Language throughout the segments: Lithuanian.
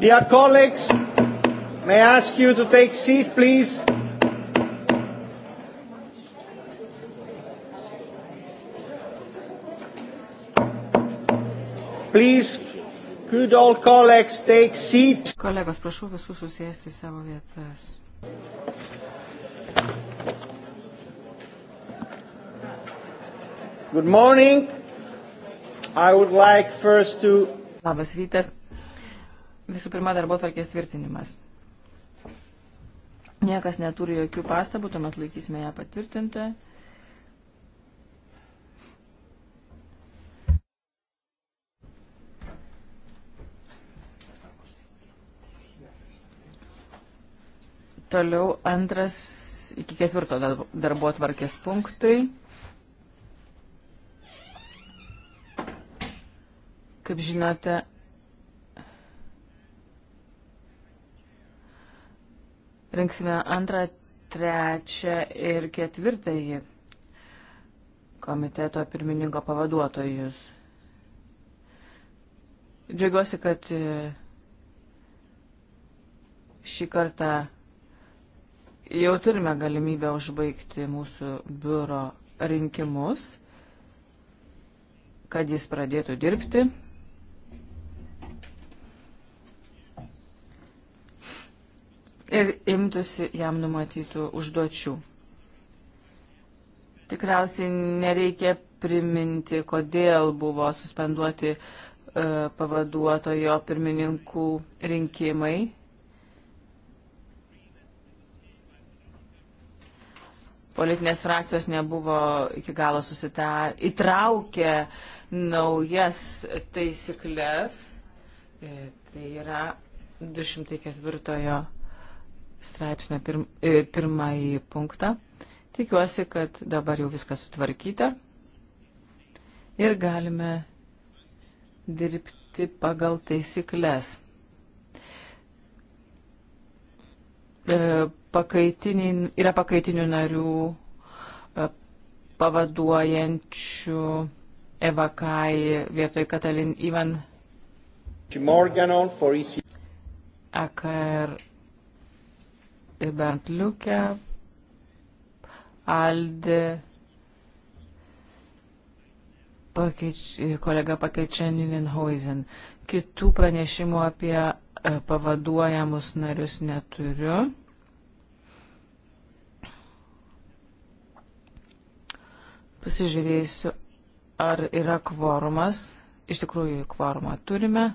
Dear colleagues, may I ask you to take seat, please? Please, could all colleagues take seat? Kolegos, prašau visus susėsti savo vietas. Good morning. Like to... Labas rytas. Visų pirma, darbo tvarkės tvirtinimas. Niekas neturi jokių pastabų, tuomet laikysime ją patvirtintą. Toliau antras iki ketvirto darbo tvarkės punktai. Kaip žinote, rinksime antrą, trečią ir ketvirtąjį komiteto pirmininko pavaduotojus. Džiaugiuosi, kad e, šį kartą jau turime galimybę užbaigti mūsų biuro rinkimus, kad jis pradėtų dirbti ir imtųsi jam numatytų užduočių. Tikriausiai nereikia priminti, kodėl buvo suspenduoti e, pavaduotojo pirmininkų rinkimai. Politinės frakcijos nebuvo iki galo susitarę, įtraukė naujas taisyklės, e, tai yra 204 straipsnio pirm, e, pirmąjį punktą. Tikiuosi, kad dabar jau viskas sutvarkyta ir galime dirbti pagal taisyklės. E, Pakaitiniai, yra pakaitinių narių e, pavaduojančių Evakai vietoj Katalin Ivan. Morganon for EC. AKR Bernd Liuke, Aldi, pakeič, kolega Pakeičen Vinhoizen. Kitų pranešimų apie e, pavaduojamus narius neturiu. Pasižiūrėsiu, ar yra kvorumas. Iš tikrųjų, kvorumą turime.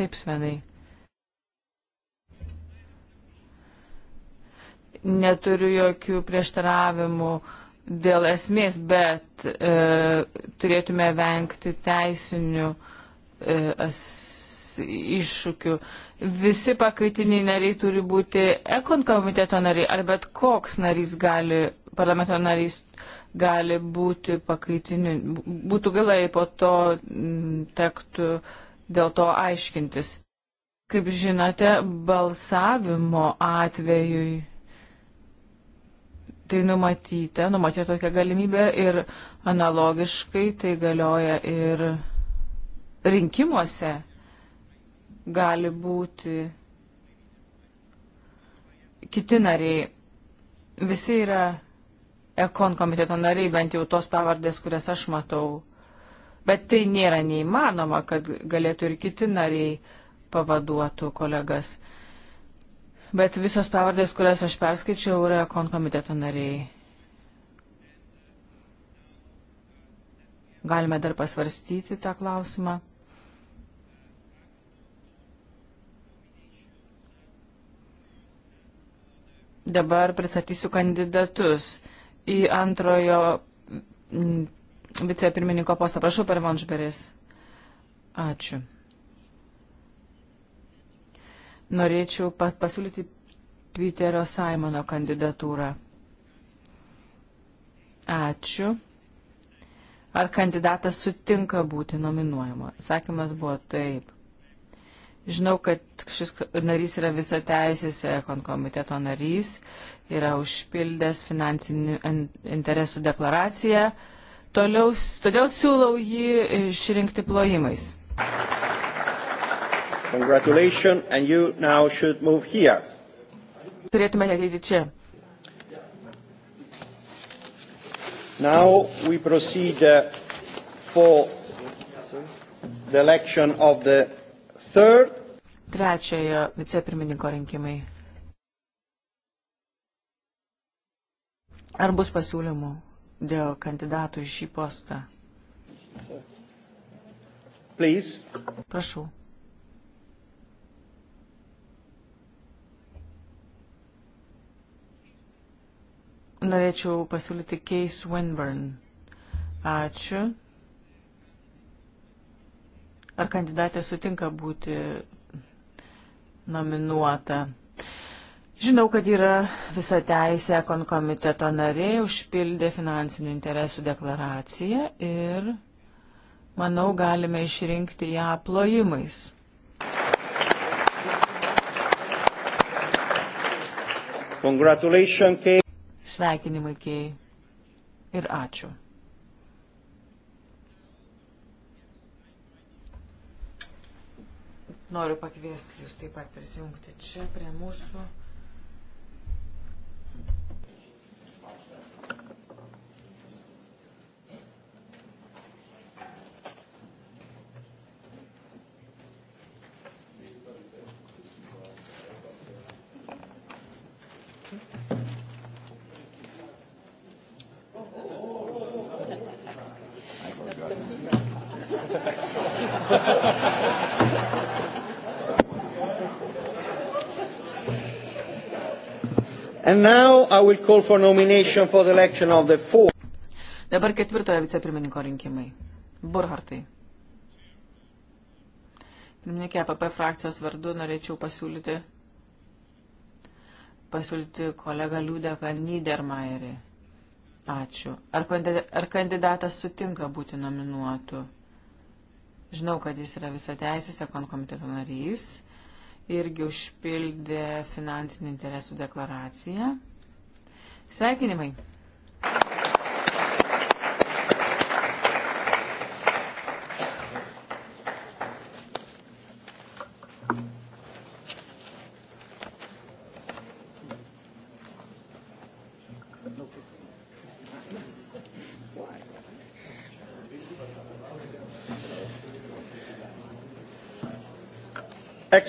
Taip, Svenai. neturiu jokių prieštaravimų dėl esmės, bet e, turėtume vengti teisinių e, as, iššūkių. Visi pakaitiniai nariai turi būti ekon komiteto nariai, ar bet koks narys gali, parlamento narys gali būti pakaitiniu. Būtų gaila, jei po to tektų dėl to aiškintis. Kaip žinote, balsavimo atvejui tai numatyta, numatyta tokia galimybė ir analogiškai tai galioja ir rinkimuose gali būti kiti nariai. Visi yra ekon komiteto nariai, bent jau tos pavardės, kurias aš matau. Bet tai nėra neįmanoma, kad galėtų ir kiti nariai pavaduotų kolegas bet visos pavardės, kurias aš perskaičiau, yra konkomiteto nariai. Galime dar pasvarstyti tą klausimą. Dabar pristatysiu kandidatus į antrojo mm, vicepirmininko postą. Prašau, per Monžberis. Ačiū. Norėčiau pasiūlyti Piterio Saimono kandidatūrą. Ačiū. Ar kandidatas sutinka būti nominuojama? Sakymas buvo taip. Žinau, kad šis narys yra visą teisės ekon komiteto narys, yra užpildęs finansinių interesų deklaraciją. Toliau, todėl siūlau jį išrinkti plojimais. Aplausos. Congratulations, and you now should move here. Turėtumėte ateiti čia. Now we proceed uh, for the election of the third. Trečiojo vicepirmininko rinkimai. Ar bus pasiūlymų dėl kandidatų į šį postą? Please. Prašau. Norėčiau pasiūlyti Case Winburn. Ačiū. Ar kandidatė sutinka būti nominuota? Žinau, kad yra visa teisė konkomiteto narė, užpildė finansinių interesų deklaraciją ir, manau, galime išrinkti ją plojimais. Congratulations, Kate. Sveikinimai kei ir ačiū. Noriu pakviesti jūs taip pat prisijungti čia prie mūsų. now I will call for nomination for the election of the four. Dabar ketvirtojo vicepirmininko rinkimai. Burhartai. Pirmininkė APP frakcijos vardu norėčiau pasiūlyti, pasiūlyti kolegą Liudeką Niedermayerį. Ačiū. Ar, ar kandidatas sutinka būti nominuotu? Žinau, kad jis yra visateisės ekon komiteto narys irgi užpildė finansinių interesų deklaraciją. Sveikinimai!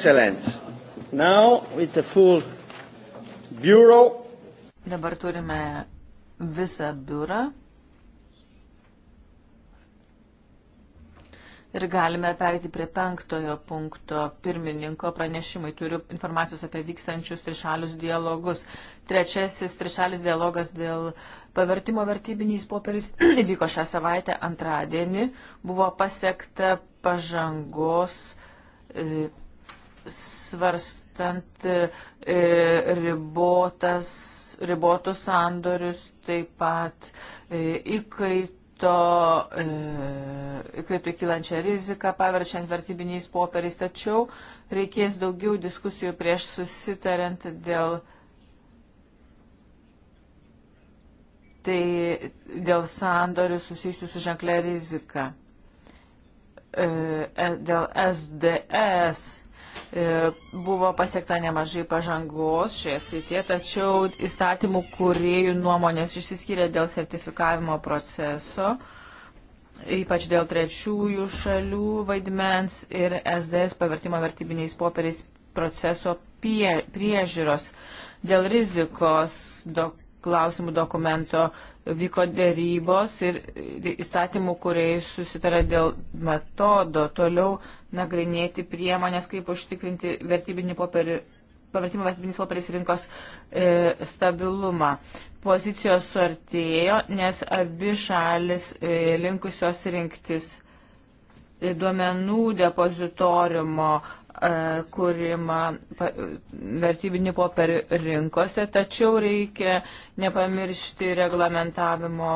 Excellent. Now with the full bureau. Dabar turime visą biurą. Ir galime perėti prie penktojo punkto pirmininko pranešimai. Turiu informacijos apie vykstančius trišalius dialogus. Trečiasis trišalis dialogas dėl pavertimo vertybiniais popieriais įvyko šią savaitę antradienį. Buvo pasiekta pažangos e, svarstant e, e, ribotas, ribotus sandorius, taip pat e, įkaito, įkaito kylančią riziką, paverčiant vertybiniais popieriais, tačiau reikės daugiau diskusijų prieš susitariant dėl. Tai dėl sandorių susijusių su ženklė rizika dėl SDS E, buvo pasiekta nemažai pažangos šioje srityje, tačiau įstatymų kuriejų nuomonės išsiskyrė dėl sertifikavimo proceso, ypač dėl trečiųjų šalių vaidmens ir SDS pavertimo vertybiniais popieriais proceso prie, priežiūros, dėl rizikos dokumentų klausimų dokumento vyko dėrybos ir įstatymų, kuriais susitarė dėl metodo toliau nagrinėti priemonės, kaip užtikrinti vertybinį popierį pavertimo vertybinis popieriais rinkos e, stabilumą. Pozicijos suartėjo, nes abi šalis e, linkusios rinktis e, duomenų depozitoriumo E, kūrimą vertybinių popierių rinkose, tačiau reikia nepamiršti reglamentavimo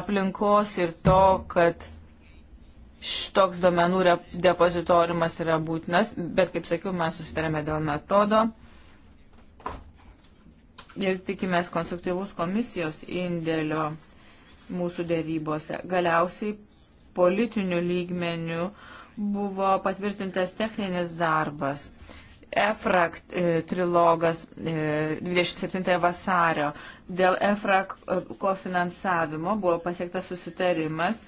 aplinkos ir to, kad šitoks domenų depozitoriumas yra būtinas, bet kaip sakiau, mes susitarėme dėl metodo ir tikimės konstruktyvus komisijos indėlio mūsų dėrybose. Galiausiai politinių lygmenių uh, buvo patvirtintas techninis darbas. EFRAK e, trilogas 27 e, vasario. Dėl EFRAK e, kofinansavimo buvo pasiektas susitarimas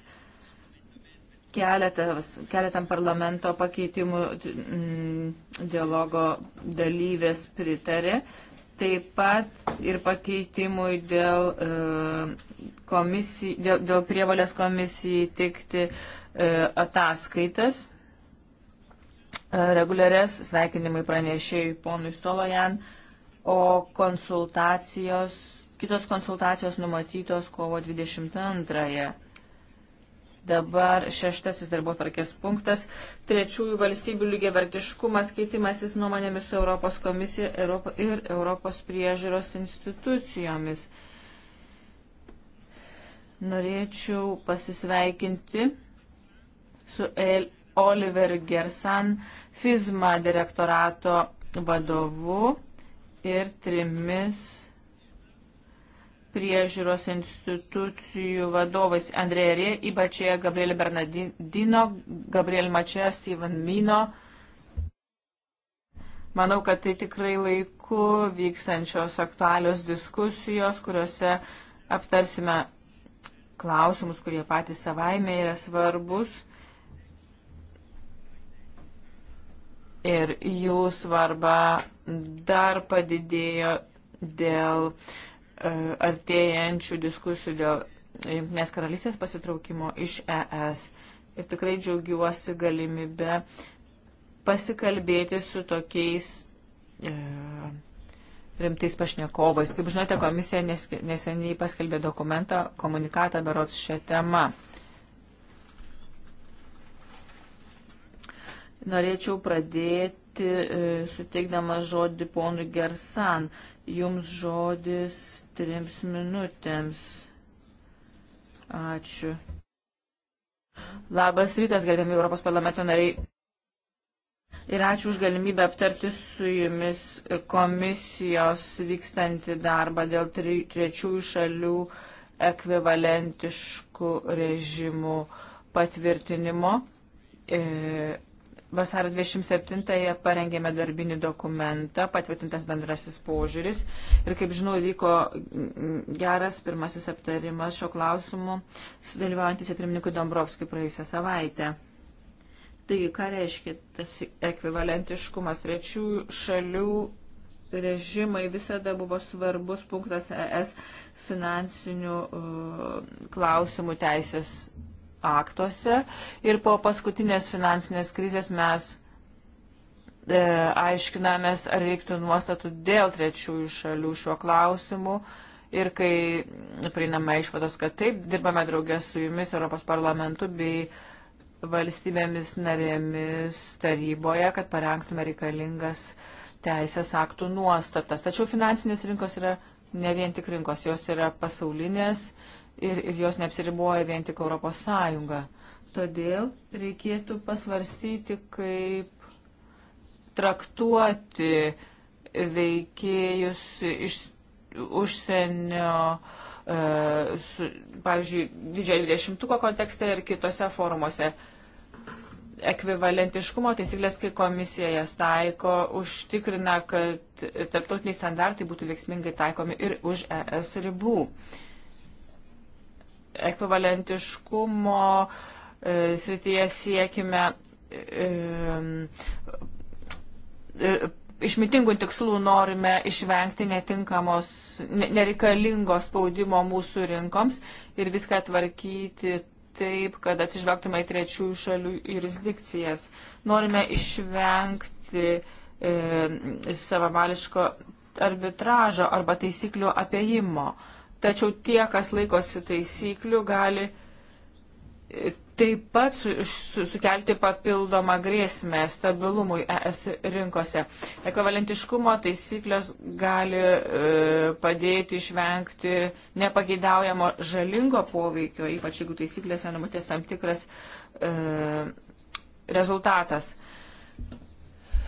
keletas, keletam parlamento pakeitimų mm, dialogo dalyvės pritarė, taip pat ir pakeitimui dėl, komisij, dėl, dėl prievalės komisijai tikti uh, E, ataskaitas e, reguliarias sveikinimai pranešėjai ponui Stolojan, o konsultacijos, kitos konsultacijos numatytos kovo 22-ąją. Dabar šeštasis darbo tvarkės punktas. Trečiųjų valstybių lygiavertiškumas keitimasis nuomonėmis su Europos komisija Europo, ir Europos priežiūros institucijomis. Norėčiau pasisveikinti su El Oliver Gersan, FISMA direktorato vadovu ir trimis priežiūros institucijų vadovais Andrėje Ibačėje, Gabrielė Bernardino, Gabrielė Mačė, Steven Mino. Manau, kad tai tikrai laiku vykstančios aktualios diskusijos, kuriuose aptarsime klausimus, kurie patys savaime yra svarbus ir jų svarba dar padidėjo dėl e, artėjančių diskusijų dėl Junktinės karalystės pasitraukimo iš ES. Ir tikrai džiaugiuosi galimybę pasikalbėti su tokiais e, rimtais pašnekovais. Kaip žinote, komisija nes, neseniai paskelbė dokumentą, komunikatą berots šią temą. Norėčiau pradėti e, suteikdama žodį ponui Gersan. Jums žodis trims minutėms. Ačiū. Labas rytas, gerbiami Europos parlamento nariai. Ir ačiū už galimybę aptarti su jumis komisijos vykstantį darbą dėl trečiųjų šalių ekvivalentiškų režimų patvirtinimo. E, Vasario 27-ąją parengėme darbinį dokumentą, patvirtintas bendrasis požiūris ir, kaip žinau, vyko geras pirmasis aptarimas šio klausimu, sudalyvaujantis į pirmininkų Dombrovskį praėjusią savaitę. Taigi, ką reiškia tas ekvivalentiškumas? Trečių šalių režimai visada buvo svarbus punktas ES finansinių uh, klausimų teisės aktuose ir po paskutinės finansinės krizės mes e, aiškinamės, ar reiktų nuostatų dėl trečiųjų šalių šiuo klausimu. Ir kai prieiname išvados, kad taip, dirbame draugės su jumis, Europos parlamentu bei valstybėmis narėmis taryboje, kad parengtume reikalingas teisės aktų nuostatas. Tačiau finansinės rinkos yra ne vien tik rinkos, jos yra pasaulinės ir, ir jos neapsiriboja vien tik Europos Sąjunga. Todėl reikėtų pasvarstyti, kaip traktuoti veikėjus iš užsienio, e, su, pavyzdžiui, didžiai 20-ko kontekste ir kitose forumuose. Ekvivalentiškumo taisyklės, kai komisija jas taiko, užtikrina, kad tarptautiniai standartai būtų veiksmingai taikomi ir už ES ribų. E, ekvivalentiškumo e, srityje siekime e, e, išmitingų tikslų norime išvengti netinkamos, nereikalingos spaudimo mūsų rinkoms ir viską tvarkyti taip, kad atsižvelgtume į trečiųjų šalių jurisdikcijas. Norime išvengti e, savavališko arbitražo arba taisyklių apiejimo. E, tačiau tie, kas laikosi taisyklių, gali e, taip pat su, su, sukelti papildomą grėsmę stabilumui ES rinkose. Ekvivalentiškumo taisyklės gali e, padėti išvengti nepageidaujamo žalingo poveikio, ypač jeigu taisyklėse numatės tam tikras e, rezultatas.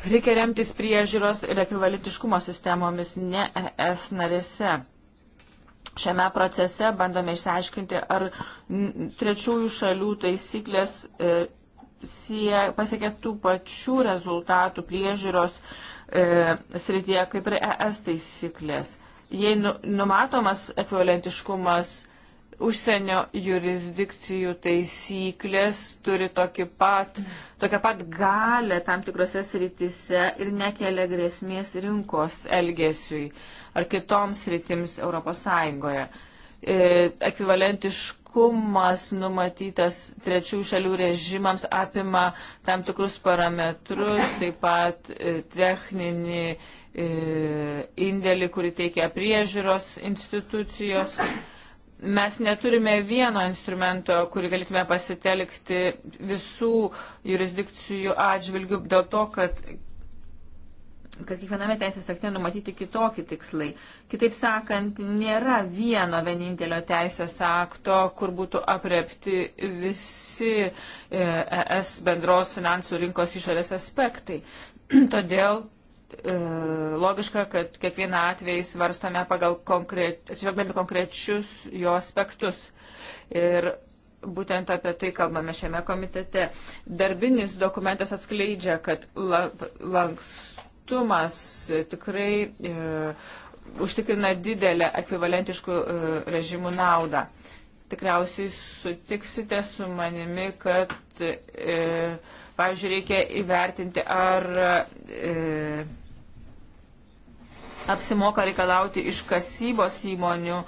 Reikia remtis priežiūros ir ekvivalentiškumo sistemomis ne ES narėse. Šiame procese bandome išsiaiškinti, ar trečiųjų šalių taisyklės e, pasiekė tų pačių rezultatų priežiūros e, srityje kaip ir ES taisyklės. Jei nu, numatomas ekvivalentiškumas užsienio jurisdikcijų taisyklės turi tokį pat, tokią pat galę tam tikrose sritise ir nekelia grėsmės rinkos elgesiui ar kitoms sritims ES. E, ekvivalentiškumas numatytas trečių šalių režimams apima tam tikrus parametrus, taip pat e, techninį e, indėlį, kurį teikia priežiūros institucijos mes neturime vieno instrumento, kurį galėtume pasitelkti visų jurisdikcijų atžvilgių dėl to, kad kad kiekviename teisės akte numatyti kitokį tikslai. Kitaip sakant, nėra vieno vienintelio teisės akto, kur būtų aprepti visi ES e bendros finansų rinkos išorės aspektai. Todėl E, logiška, kad kiekvieną atvejį svarstame pagal konkret, konkrečius jo aspektus. Ir būtent apie tai kalbame šiame komitete. Darbinis dokumentas atskleidžia, kad la, lankstumas tikrai e, užtikrina didelę ekvivalentiškų e, režimų naudą. Tikriausiai sutiksite su manimi, kad, e, pavyzdžiui, reikia įvertinti, ar. E, apsimoka reikalauti iš kasybos įmonių,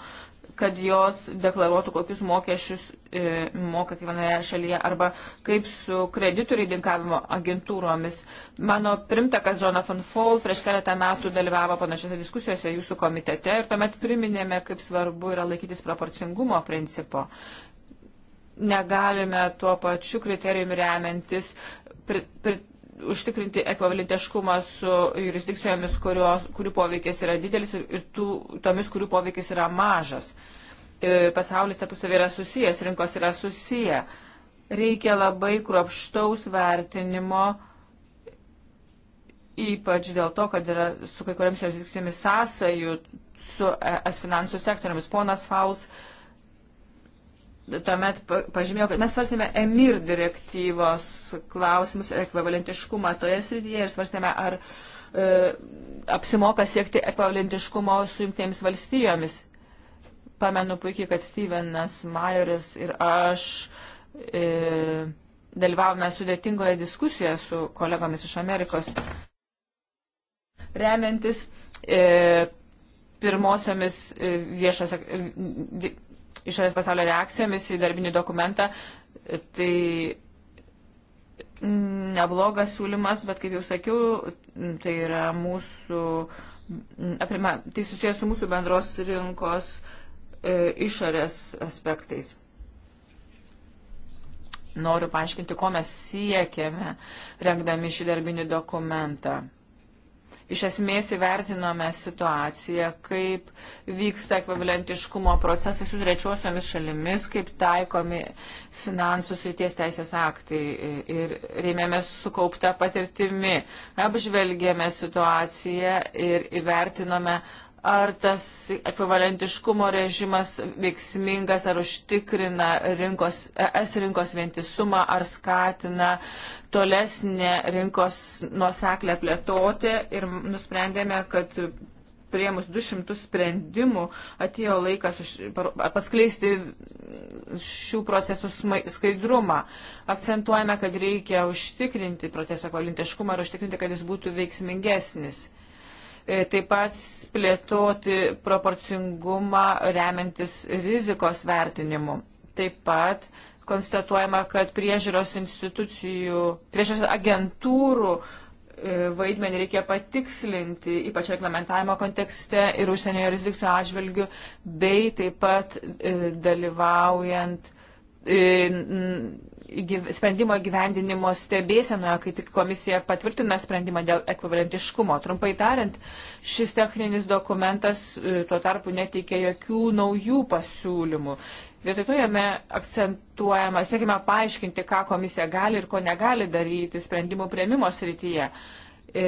kad jos deklaruotų, kokius mokesčius e, moka kiekvienoje šalyje, arba kaip su kreditų reidingavimo agentūromis. Mano primtakas Jonathan Fall prieš keletą metų dalyvavo panašiose diskusijose jūsų komitete ir tuomet priminėme, kaip svarbu yra laikytis proporcingumo principo. Negalime tuo pačiu kriterijumi remiantis pri, pri, užtikrinti ekvivalentiškumą su jurisdikcijomis, kurios, kurių poveikis yra didelis ir, ir tų, tomis, kurių poveikis yra mažas. E, pasaulis tarpusavį yra susijęs, rinkos yra susiję. Reikia labai kruopštaus vertinimo, ypač dėl to, kad yra su kai kuriamis jurisdikcijomis sąsajų su es finansų sektoriamis. Ponas Fauls uh, tuomet pažymėjau, kad mes svarstėme EMIR direktyvos klausimus ir ekvivalentiškumą toje srityje ir svarstėme, ar e, apsimoka siekti ekvivalentiškumo su jungtėms valstijomis. Pamenu puikiai, kad Stevenas Majoris ir aš e, dalyvavome sudėtingoje diskusijoje su kolegomis iš Amerikos, remiantis e, pirmosiomis e, viešos e, išorės pasaulio reakcijomis į darbinį dokumentą. Tai neblogas siūlymas, bet kaip jau sakiau, tai yra mūsų, aprima, tai susijęs su mūsų bendros rinkos e, išorės aspektais. Noriu paaiškinti, ko mes siekiame, rengdami šį darbinį dokumentą iš esmės įvertinome situaciją, kaip vyksta ekvivalentiškumo procesai su trečiosiomis šalimis, kaip taikomi finansų srities teisės aktai ir rėmėmės sukauptą patirtimi, apžvelgėme situaciją ir įvertinome ar tas ekvivalentiškumo režimas veiksmingas, ar užtikrina rinkos, es rinkos vientisumą, ar skatina tolesnę rinkos nuoseklę plėtoti. Ir nusprendėme, kad prieimus 200 sprendimų atėjo laikas už, paskleisti šių procesų skaidrumą. Akcentuojame, kad reikia užtikrinti proceso kvalintiškumą ir užtikrinti, kad jis būtų veiksmingesnis. E, taip pat plėtoti proporcingumą remiantis rizikos vertinimu. Taip pat konstatuojama, kad priežiūros institucijų, priežiūros agentūrų e, vaidmenį reikia patikslinti, ypač reglamentavimo kontekste ir užsienio jurisdikcijų atžvilgių, bei taip pat e, dalyvaujant sprendimo gyvendinimo stebėsenoje, kai tik komisija patvirtina sprendimą dėl ekvivalentiškumo. Trumpai tariant, šis techninis dokumentas e, tuo tarpu neteikia jokių naujų pasiūlymų. Vietoj to jame akcentuojama, siekime paaiškinti, ką komisija gali ir ko negali daryti sprendimų prieimimo srityje. E,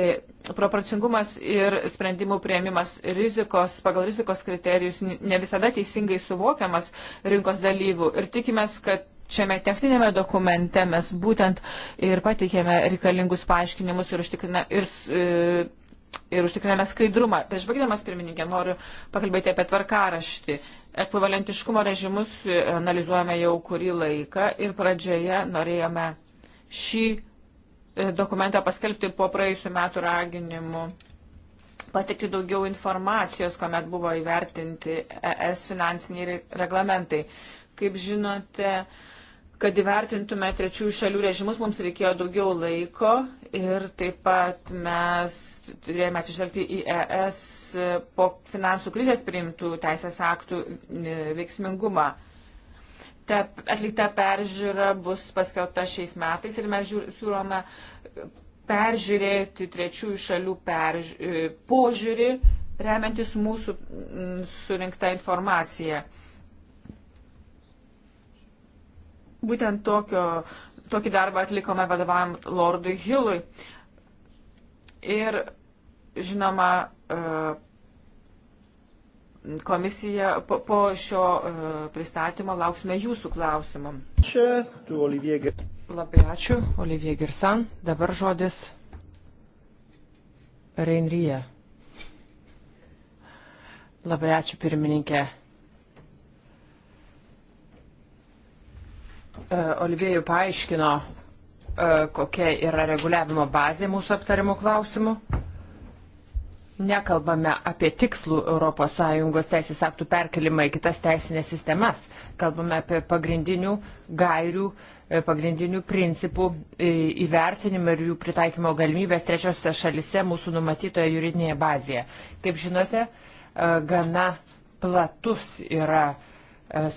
proporcingumas ir sprendimų prieimimas rizikos, pagal rizikos kriterijus ne visada teisingai suvokiamas rinkos dalyvių ir tikimės, kad šiame techninėme dokumente mes būtent ir pateikėme reikalingus paaiškinimus ir, užtikrina, ir, e, ir užtikriname skaidrumą. Prieš baigdamas pirmininkę noriu pakalbėti apie tvarkaraštį. Ekvivalentiškumo režimus analizuojame jau kurį laiką ir pradžioje norėjome šį e, dokumentą paskelbti po praėjusiu metu raginimu patikti daugiau informacijos, kuomet buvo įvertinti ES finansiniai reglamentai. Kaip žinote, kad įvertintume trečiųjų šalių režimus, mums reikėjo daugiau laiko ir taip pat mes turėjome atsižvelgti į ES po finansų krizės priimtų teisės aktų e, veiksmingumą. Ta atlikta peržiūra bus paskelbta šiais metais ir mes siūlome peržiūrėti trečiųjų šalių perž... E, požiūrį, remiantis mūsų surinkta informacija. būtent tokio, tokį darbą atlikome vadovavom Lordui Hillui. Ir, žinoma, e, komisija po, po šio e, pristatymo lauksime jūsų klausimų. Čia tu, Olivier. Labai ačiū, Olivier Girsan. Dabar žodis Reinryje. Labai ačiū pirmininkė. E, Olivėjų paaiškino, e, kokia yra reguliavimo bazė mūsų aptarimų klausimų. Nekalbame apie tikslų ES teisės aktų perkelimą į kitas teisinės sistemas. Kalbame apie pagrindinių gairių, e, pagrindinių principų įvertinimą ir jų pritaikymo galimybės trečiosiose šalise mūsų numatytoje juridinėje bazėje. Kaip žinote, gana platus yra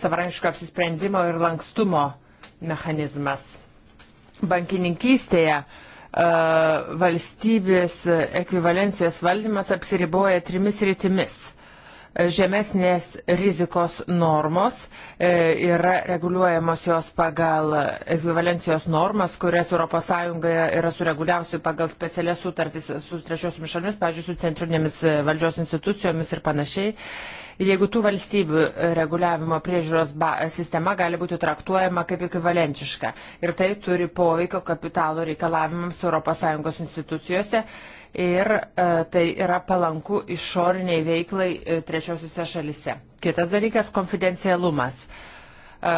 savarankiško apsisprendimo ir lankstumo uh, mechanizmas. Bankininkystėje e, valstybės ekvivalencijos valdymas apsiriboja trimis rytimis žemesnės rizikos normos e, yra reguliuojamos jos pagal ekvivalencijos normas, kurias ES yra sureguliavusi pagal specialias sutartis su trečiosiomis šalimis, pavyzdžiui, su centrinėmis valdžios institucijomis ir panašiai. Ir jeigu tų valstybių reguliavimo priežiūros sistema gali būti traktuojama kaip ekvivalentiška. Ir tai turi poveikio kapitalo reikalavimams ES institucijose. Ir e, tai yra palanku išoriniai veiklai e, trečiosiuose šalise. Kitas dalykas - konfidencialumas. E,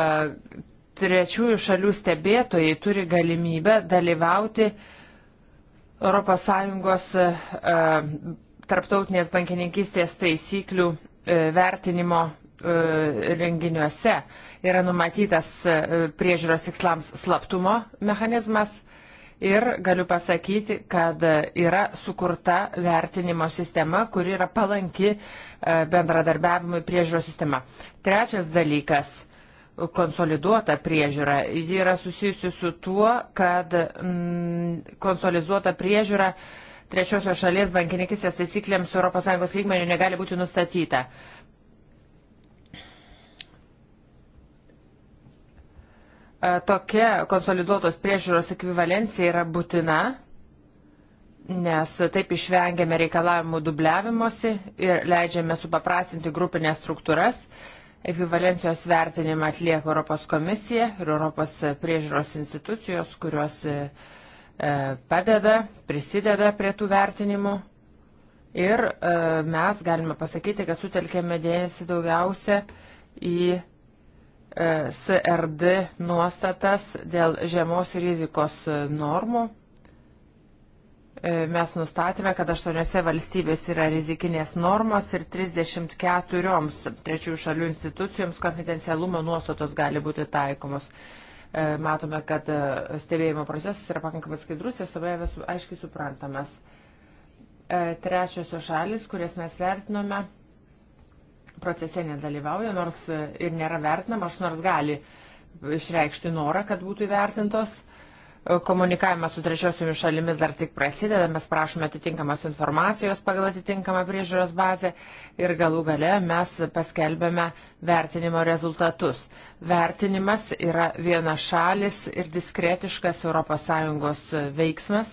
trečiųjų šalių stebėtojai turi galimybę dalyvauti ES e, e, tarptautinės bankininkystės taisyklių E, vertinimo e, renginiuose yra numatytas e, priežiūros tikslams slaptumo mechanizmas ir galiu pasakyti, kad yra sukurta vertinimo sistema, kuri yra palanki bendradarbiavimui priežiūros sistema. Trečias dalykas konsoliduota priežiūra. Ji yra susijusi su tuo, kad mm, konsoliduota priežiūra trečiosios šalies bankininkistės taisyklėms ES lygmenių negali būti nustatyta. E, tokia konsoliduotos priežiūros ekvivalencija yra būtina, nes taip išvengiame reikalavimų dubliavimosi ir leidžiame supaprastinti grupinės struktūras. Ekvivalencijos vertinimą atlieka Europos komisija ir Europos priežiūros institucijos, kurios uh, E, padeda, prisideda prie tų vertinimų. Ir e, mes galime pasakyti, kad sutelkėme dėmesį daugiausia į e, SRD nuostatas dėl žemos rizikos normų. Mes nustatėme, kad 8 valstybės yra rizikinės normos ir 34 trečiųjų šalių institucijoms konfidencialumo nuostatos gali būti taikomos. E, matome, kad e, stebėjimo procesas yra pakankamai skaidrus ir savaime aiškiai suprantamas. E, trečiosios šalis, kurias mes vertinome, procese nedalyvauja, nors ir nėra vertinama, nors gali išreikšti norą, kad būtų įvertintos komunikavimas su trečiosiomis šalimis dar tik prasideda, mes prašome atitinkamos informacijos pagal atitinkamą priežiūros bazę ir galų gale mes paskelbėme vertinimo rezultatus. Vertinimas yra viena šalis ir diskretiškas ES veiksmas.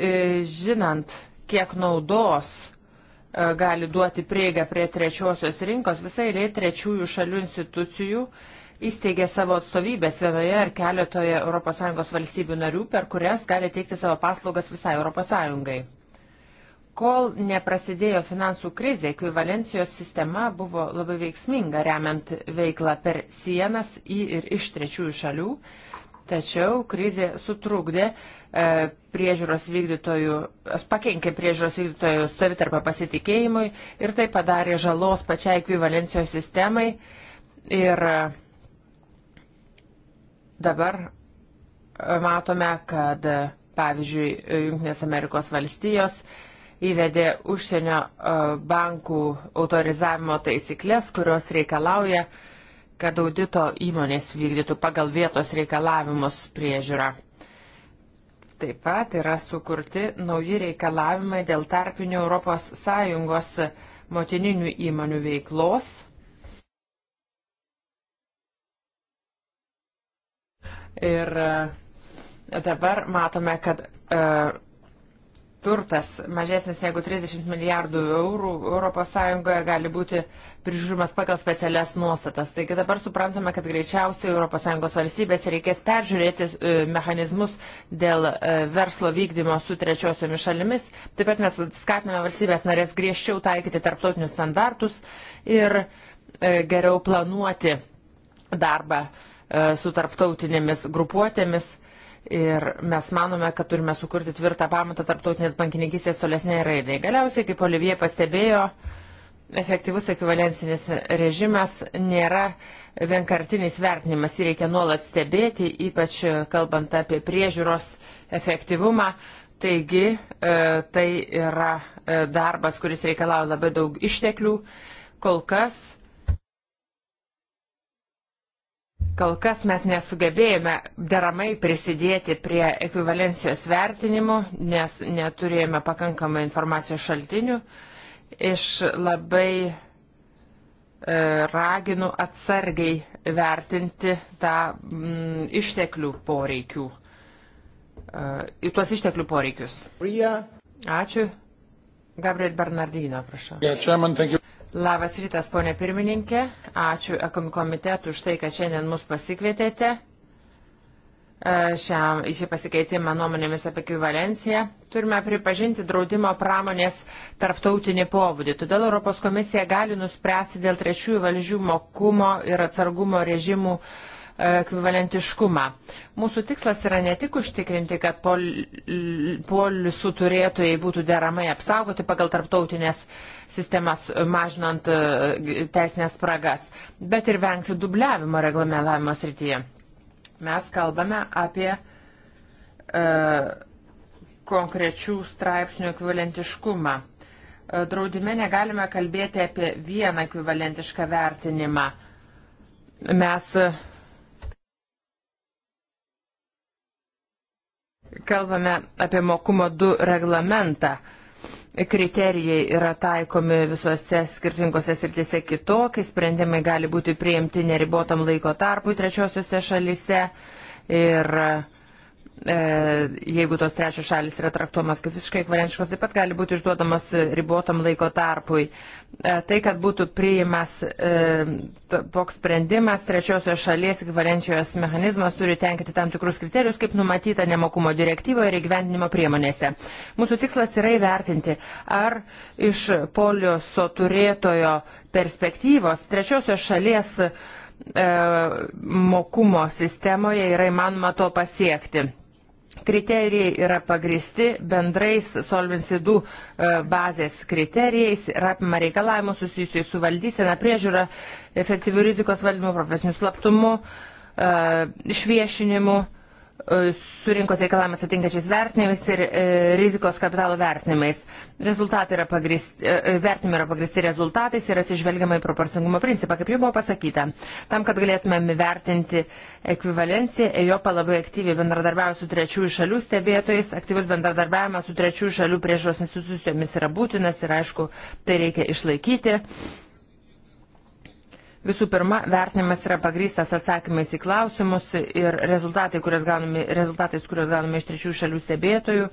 E, žinant, kiek naudos e, gali duoti prieiga prie trečiosios rinkos, visai rei trečiųjų šalių institucijų, uh, įsteigė savo atstovybės vienoje ar keletoje ES valstybių narių, per kurias gali teikti savo paslaugas visai ES. Kol neprasidėjo finansų krizė, ekvivalencijos sistema buvo labai veiksminga remiant veiklą per sienas į ir iš trečiųjų šalių, tačiau krizė sutrukdė e, priežiūros vykdytojų, pakenkė priežiūros vykdytojų savitarpą pasitikėjimui ir tai padarė žalos pačiai ekvivalencijos sistemai ir e, Dabar e, matome, kad e, pavyzdžiui, e, Junktinės Amerikos valstijos įvedė užsienio bankų autorizavimo taisyklės, kurios reikalauja, kad audito įmonės vykdytų pagal vietos reikalavimus priežiūrą. Taip pat yra sukurti nauji reikalavimai dėl tarpinių ES motininių įmonių veiklos Ir e, dabar matome, kad e, turtas mažesnis negu 30 milijardų eurų ES gali būti prižiūrimas pagal specialias nuostatas. Taigi dabar suprantame, kad greičiausiai ES valstybės reikės peržiūrėti e, mechanizmus dėl e, verslo vykdymo su trečiosiomis šalimis. Taip pat mes skatiname valstybės narės griežčiau taikyti tarptautinius standartus ir e, geriau planuoti darbą. E, E, su tarptautinėmis grupuotėmis. Ir mes manome, kad turime sukurti tvirtą pamatą tarptautinės bankininkystės tolesniai raidai. Galiausiai, kaip Olivie pastebėjo, efektyvus ekvivalencinis režimas nėra vienkartinis vertinimas, jį reikia nuolat stebėti, ypač kalbant apie priežiūros efektyvumą. Taigi e, tai yra e, darbas, kuris reikalauja labai daug išteklių. Kol kas Kol kas mes nesugebėjome deramai prisidėti prie ekvivalencijos vertinimų, nes neturėjome pakankamai informacijos šaltinių. Iš labai e, raginu atsargiai vertinti tą m, mm, išteklių poreikių, e, į tuos išteklių poreikius. Ačiū. Gabriel Bernardino, prašau. Yeah, chairman, Labas rytas, ponė pirmininkė. Ačiū komitetų už tai, kad šiandien mus pasikvietėte e, šiam, šį pasikeitimą nuomonėmis apie ekvivalenciją. Turime pripažinti draudimo pramonės tarptautinį pobūdį. Todėl Europos komisija gali nuspręsti dėl trečiųjų valdžių mokumo ir atsargumo režimų e, ekvivalentiškumą. Mūsų tikslas yra ne tik užtikrinti, kad polisų turėtojai būtų deramai apsaugoti pagal tarptautinės uh, sistemas, mažinant e, teisinės spragas, bet ir vengti dubliavimo reglamentavimo srityje. Mes kalbame apie e, konkrečių straipsnių ekvivalentiškumą. E, draudime negalime kalbėti apie vieną ekvivalentišką vertinimą. Mes e, kalbame apie mokumo 2 reglamentą kriterijai yra taikomi visose skirtingose srityse kitokiai, sprendimai gali būti priimti neribotam laiko tarpui trečiosiuose šalyse ir uh, E, jeigu tos trečios šalis yra traktuomas kaip visiškai ekvivalentiškos, taip pat gali būti išduodamas ribotam laiko tarpui. E, tai, kad būtų priimas e, toks sprendimas, trečiosios šalies ekvivalencijos mechanizmas turi tenkinti tam tikrus kriterijus, kaip numatyta nemokumo direktyvoje ir įgyvendinimo priemonėse. Mūsų tikslas yra įvertinti, ar iš polioso turėtojo perspektyvos trečiosios šalies mokumo sistemoje yra įmanoma to pasiekti. Kriterijai yra pagristi bendrais Solvency 2 e, bazės kriterijais ir apima reikalavimus susijusiais su valdysena, priežiūra, efektyvių rizikos valdymu, profesiniu slaptumu, e, išviešinimu E, su rinkos reikalavimas atinkačiais vertinimais ir e, rizikos kapitalo vertinimais. Rezultatai yra pagristi, e, e, vertinimai yra pagristi rezultatais ir atsižvelgiama į proporcingumo principą, kaip jau buvo pasakyta. Tam, kad galėtumėm vertinti ekvivalenciją, EJOPA labai aktyviai bendradarbiavo su trečiųjų šalių stebėtojais, aktyvus bendradarbiavimas su trečiųjų šalių priežos institucijomis yra būtinas ir aišku, tai reikia išlaikyti. Visų pirma, vertinimas yra pagrystas atsakymais į klausimus ir rezultatai, kurios gauname, rezultatais, kuriuos gauname iš trečių šalių stebėtojų,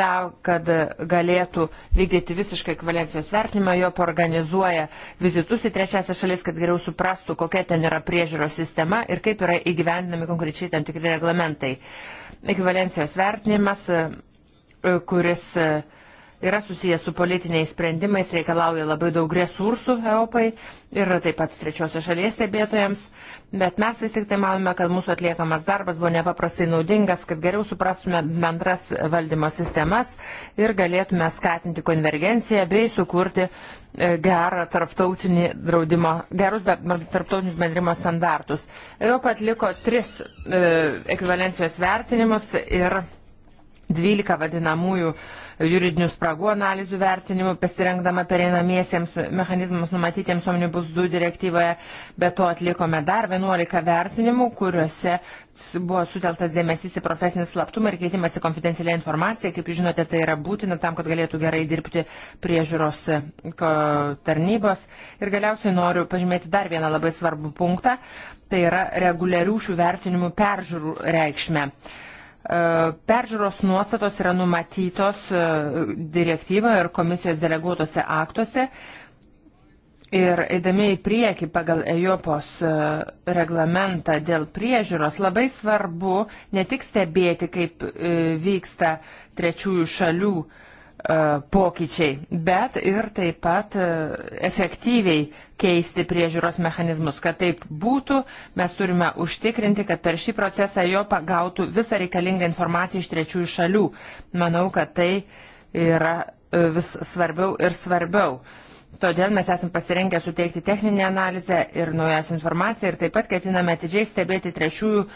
tam, kad galėtų vykdyti visiškai kvalencijos vertinimą, jo organizuoja vizitus į trečiasią šalis, kad geriau suprastų, kokia ten yra priežiūros sistema ir kaip yra įgyvendinami konkrečiai tam tikri reglamentai. Ekvivalencijos vertinimas, kuris uh, yra susijęs su politiniais sprendimais, reikalauja labai daug resursų Europai ir taip pat trečiosios šalies stebėtojams, bet mes vis tik tai manome, kad mūsų atliekamas darbas buvo nepaprastai naudingas, kad geriau suprastume bendras valdymo sistemas ir galėtume skatinti konvergenciją bei sukurti e, gerą tarptautinį draudimo, gerus be, tarptautinius bendrimo standartus. Europa atliko tris e, ekvivalencijos vertinimus ir 12 vadinamųjų juridinių spragų analizių vertinimų, pasirengdama pereinamiesiems mechanizmams numatytiems Omnibus 2 direktyvoje. Be to atlikome dar 11 vertinimų, kuriuose buvo suteltas dėmesys į profesinį slaptumą ir keitimąsi konfidencialią informaciją. Kaip jūs žinote, tai yra būtina tam, kad galėtų gerai dirbti priežiūros e, tarnybos. Ir galiausiai noriu pažymėti dar vieną labai svarbų punktą. Tai yra reguliarių šių vertinimų peržiūrų reikšmė. Uh, E, peržiūros nuostatos yra numatytos e, direktyvoje ir komisijos deleguotose aktuose. Ir eidami į priekį pagal EJOPOS e, reglamentą dėl priežiūros labai svarbu ne tik stebėti, kaip vyksta trečiųjų šalių uh, E, pokyčiai, bet ir taip pat e, efektyviai keisti priežiūros mechanizmus. Kad taip būtų, mes turime užtikrinti, kad per šį procesą jo pagautų visą reikalingą informaciją iš trečiųjų šalių. Manau, kad tai yra e, vis svarbiau ir svarbiau. Todėl mes esam pasirengę suteikti techninę analizę ir naujas informaciją ir taip pat ketiname atidžiai stebėti trečiųjų e,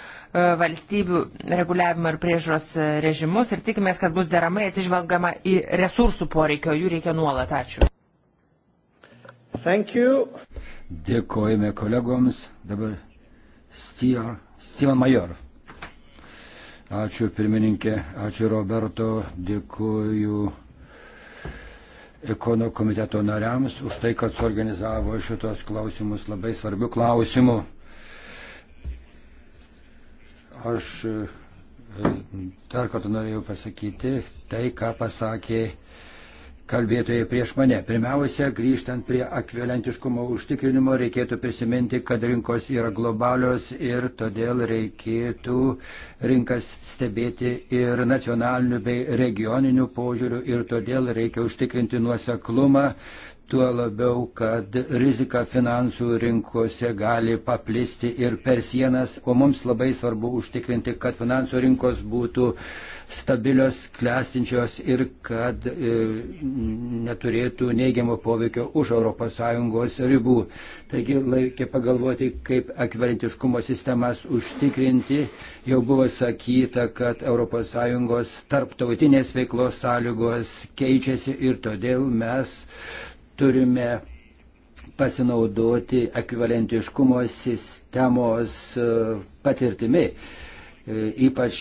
valstybių reguliavimo ir priežos e, režimus ir tikimės, kad bus deramai atsižvelgama į resursų poreikio, jų reikia nuolat. Ačiū. Dėkojame kolegoms. Dabar Steven Major. Ačiū pirmininkė, ačiū Roberto, dėkoju Ekono komiteto nariams už tai, kad suorganizavo šitos klausimus labai svarbių klausimų. Aš e, dar kartą norėjau pasakyti tai, ką pasakė kalbėtojai prieš mane. Pirmiausia, grįžtant prie akvivalentiškumo užtikrinimo, reikėtų prisiminti, kad rinkos yra globalios ir todėl reikėtų rinkas stebėti ir nacionaliniu bei regioniniu požiūriu ir todėl reikia užtikrinti nuoseklumą tuo labiau, kad rizika finansų rinkose gali paplisti ir per sienas, o mums labai svarbu užtikrinti, kad finansų rinkos būtų stabilios, klestinčios ir kad e, neturėtų neigiamo poveikio už ES ribų. Taigi laikė pagalvoti, kaip ekvivalentiškumo sistemas užtikrinti. Jau buvo sakyta, kad ES tarptautinės veiklos sąlygos keičiasi ir todėl mes turime pasinaudoti ekvivalentiškumo sistemos e, patirtimi, e, ypač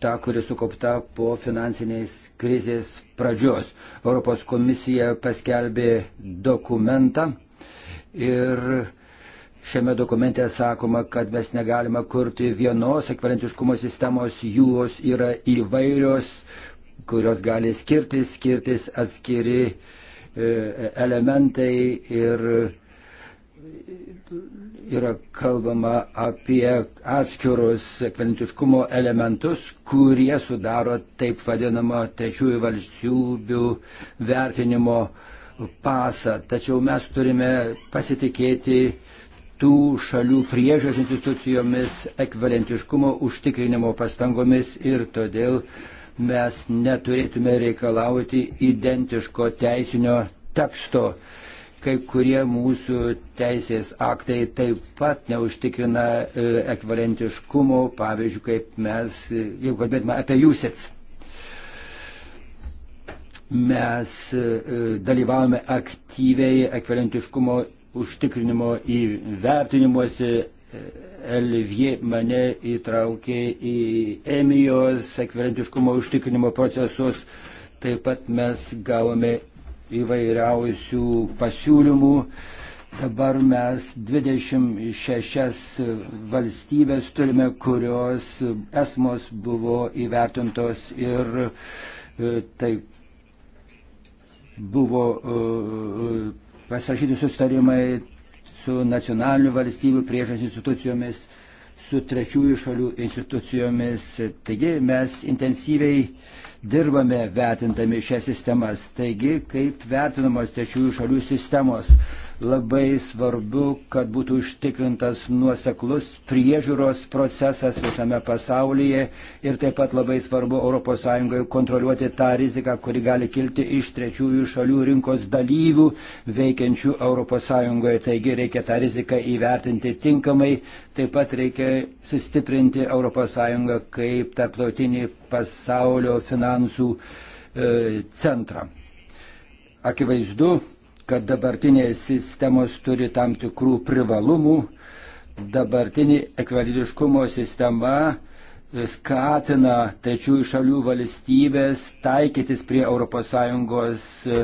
ta, kuri sukaupta po finansinės krizės pradžios. Europos komisija paskelbė dokumentą ir Šiame dokumente sakoma, kad mes negalime kurti vienos ekvivalentiškumo sistemos, jos yra įvairios, kurios gali skirtis, skirtis atskiri uh, E, elementai ir yra kalbama apie atskirus ekvivalentiškumo elementus, kurie sudaro taip vadinamo trečiųjų valstybių vertinimo pasą. Tačiau mes turime pasitikėti tų šalių priežiūros institucijomis, ekvivalentiškumo užtikrinimo pastangomis ir todėl uh, mes neturėtume reikalauti identiško teisinio teksto. Kai kurie mūsų teisės aktai taip pat neužtikrina e, ekvivalentiškumo, pavyzdžiui, kaip mes, e, jeigu kalbėtume apie jūsits. Mes e, dalyvavome aktyviai ekvivalentiškumo užtikrinimo įvertinimuose Elvie mane įtraukė į emijos sekverentiškumo užtikrinimo procesus. Taip pat mes gavome įvairiausių pasiūlymų. Dabar mes 26 valstybės turime, kurios esmos buvo įvertintos ir e, taip buvo e, pasirašyti sustarimai su nacionaliniu valstybių priežas institucijomis, su trečiųjų šalių institucijomis. Taigi mes intensyviai dirbame vertintami šias sistemas. Taigi, kaip vertinamos trečiųjų šalių sistemos, Labai svarbu, kad būtų užtikrintas nuoseklus priežiūros procesas visame pasaulyje ir taip pat labai svarbu ES kontroliuoti tą riziką, kuri gali kilti iš trečiųjų šalių rinkos dalyvių veikiančių ES. Taigi reikia tą riziką įvertinti tinkamai, taip pat reikia sustiprinti ES kaip tarptautinį pasaulio finansų e, centrą. Akivaizdu, kad dabartinės sistemos turi tam tikrų privalumų. Dabartinė ekvalitiškumo sistema e, skatina trečiųjų šalių valstybės taikytis prie ES e,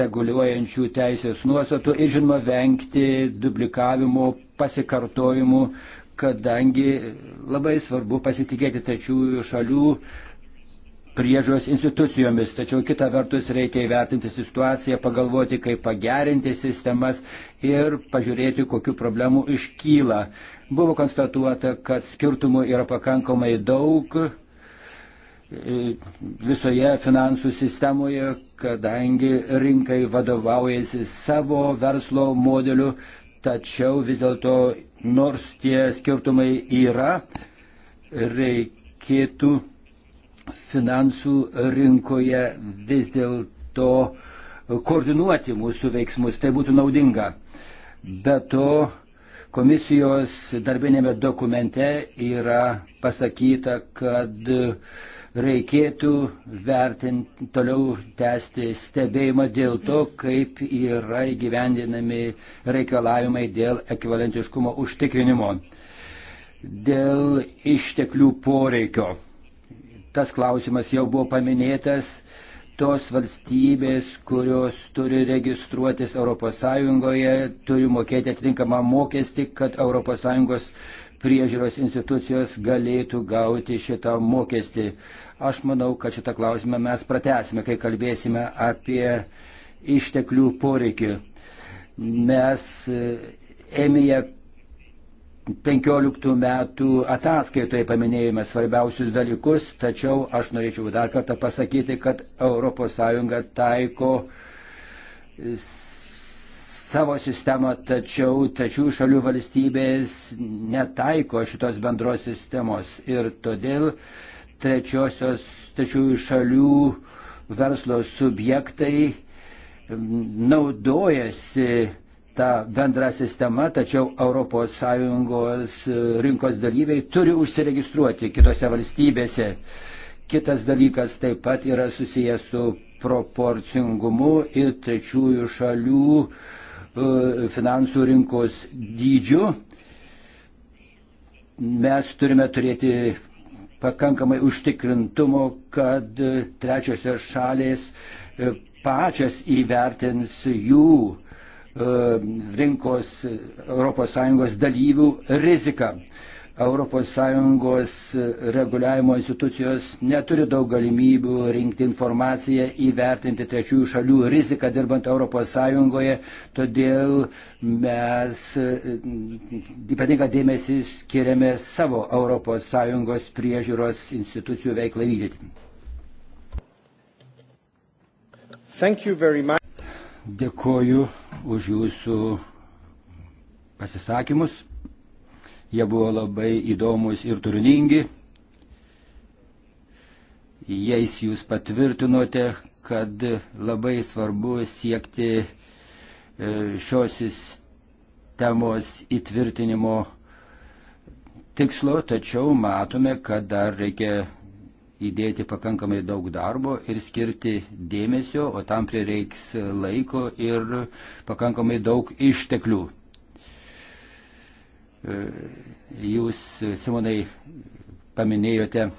reguliuojančių teisės nuostatų ir žinoma vengti duplikavimo, pasikartojimų, kadangi labai svarbu pasitikėti trečiųjų šalių priežiūros institucijomis. Tačiau kita vertus reikia įvertinti situaciją, pagalvoti, kaip pagerinti sistemas ir pažiūrėti, kokiu problemu iškyla. Buvo konstatuota, kad skirtumų yra pakankamai daug e, visoje finansų sistemoje, kadangi rinkai vadovaujasi savo verslo modeliu, tačiau vis dėlto nors tie skirtumai yra, reikėtų finansų rinkoje vis dėlto koordinuoti mūsų veiksmus. Tai būtų naudinga. Be to, komisijos darbinėme dokumente yra pasakyta, kad reikėtų vertinti, toliau tęsti stebėjimą dėl to, kaip yra įgyvendinami reikalavimai dėl ekvivalentiškumo užtikrinimo, dėl išteklių poreikio tas klausimas jau buvo paminėtas. Tos valstybės, kurios turi registruotis ES, turi mokėti atrinkamą mokestį, kad ES priežiūros institucijos galėtų gauti šitą mokestį. Aš manau, kad šitą klausimą mes pratesime, kai kalbėsime apie išteklių poreikį. Mes ėmėje 15 metų ataskaitoje paminėjome svarbiausius dalykus, tačiau aš norėčiau dar kartą pasakyti, kad ES taiko savo sistemą, tačiau trečių šalių valstybės netaiko šitos bendros sistemos ir todėl trečiosios, trečiųjų šalių verslo subjektai naudojasi ta bendra sistema, tačiau ES e, rinkos dalyviai turi užsiregistruoti kitose valstybėse. Kitas dalykas taip pat yra susijęs su proporcingumu ir trečiųjų šalių e, finansų rinkos dydžiu. Mes turime turėti pakankamai užtikrintumo, kad e, trečiosios šalės pačias įvertins jų uh, E, rinkos ES dalyvių riziką. ES reguliavimo institucijos neturi daug galimybių rinkti informaciją, įvertinti trečiųjų šalių riziką dirbant ES, todėl mes ypatingą dėmesį skiriame savo ES priežiūros institucijų veiklą vykdyti. Dėkoju už jūsų pasisakymus. Jie buvo labai įdomus ir turiningi. Jais jūs patvirtinote, kad labai svarbu siekti e, šios sistemos įtvirtinimo tikslo, tačiau matome, kad dar reikia įdėti pakankamai daug darbo ir skirti dėmesio, o tam prireiks laiko ir pakankamai daug išteklių. E, jūs, Simonai, paminėjote,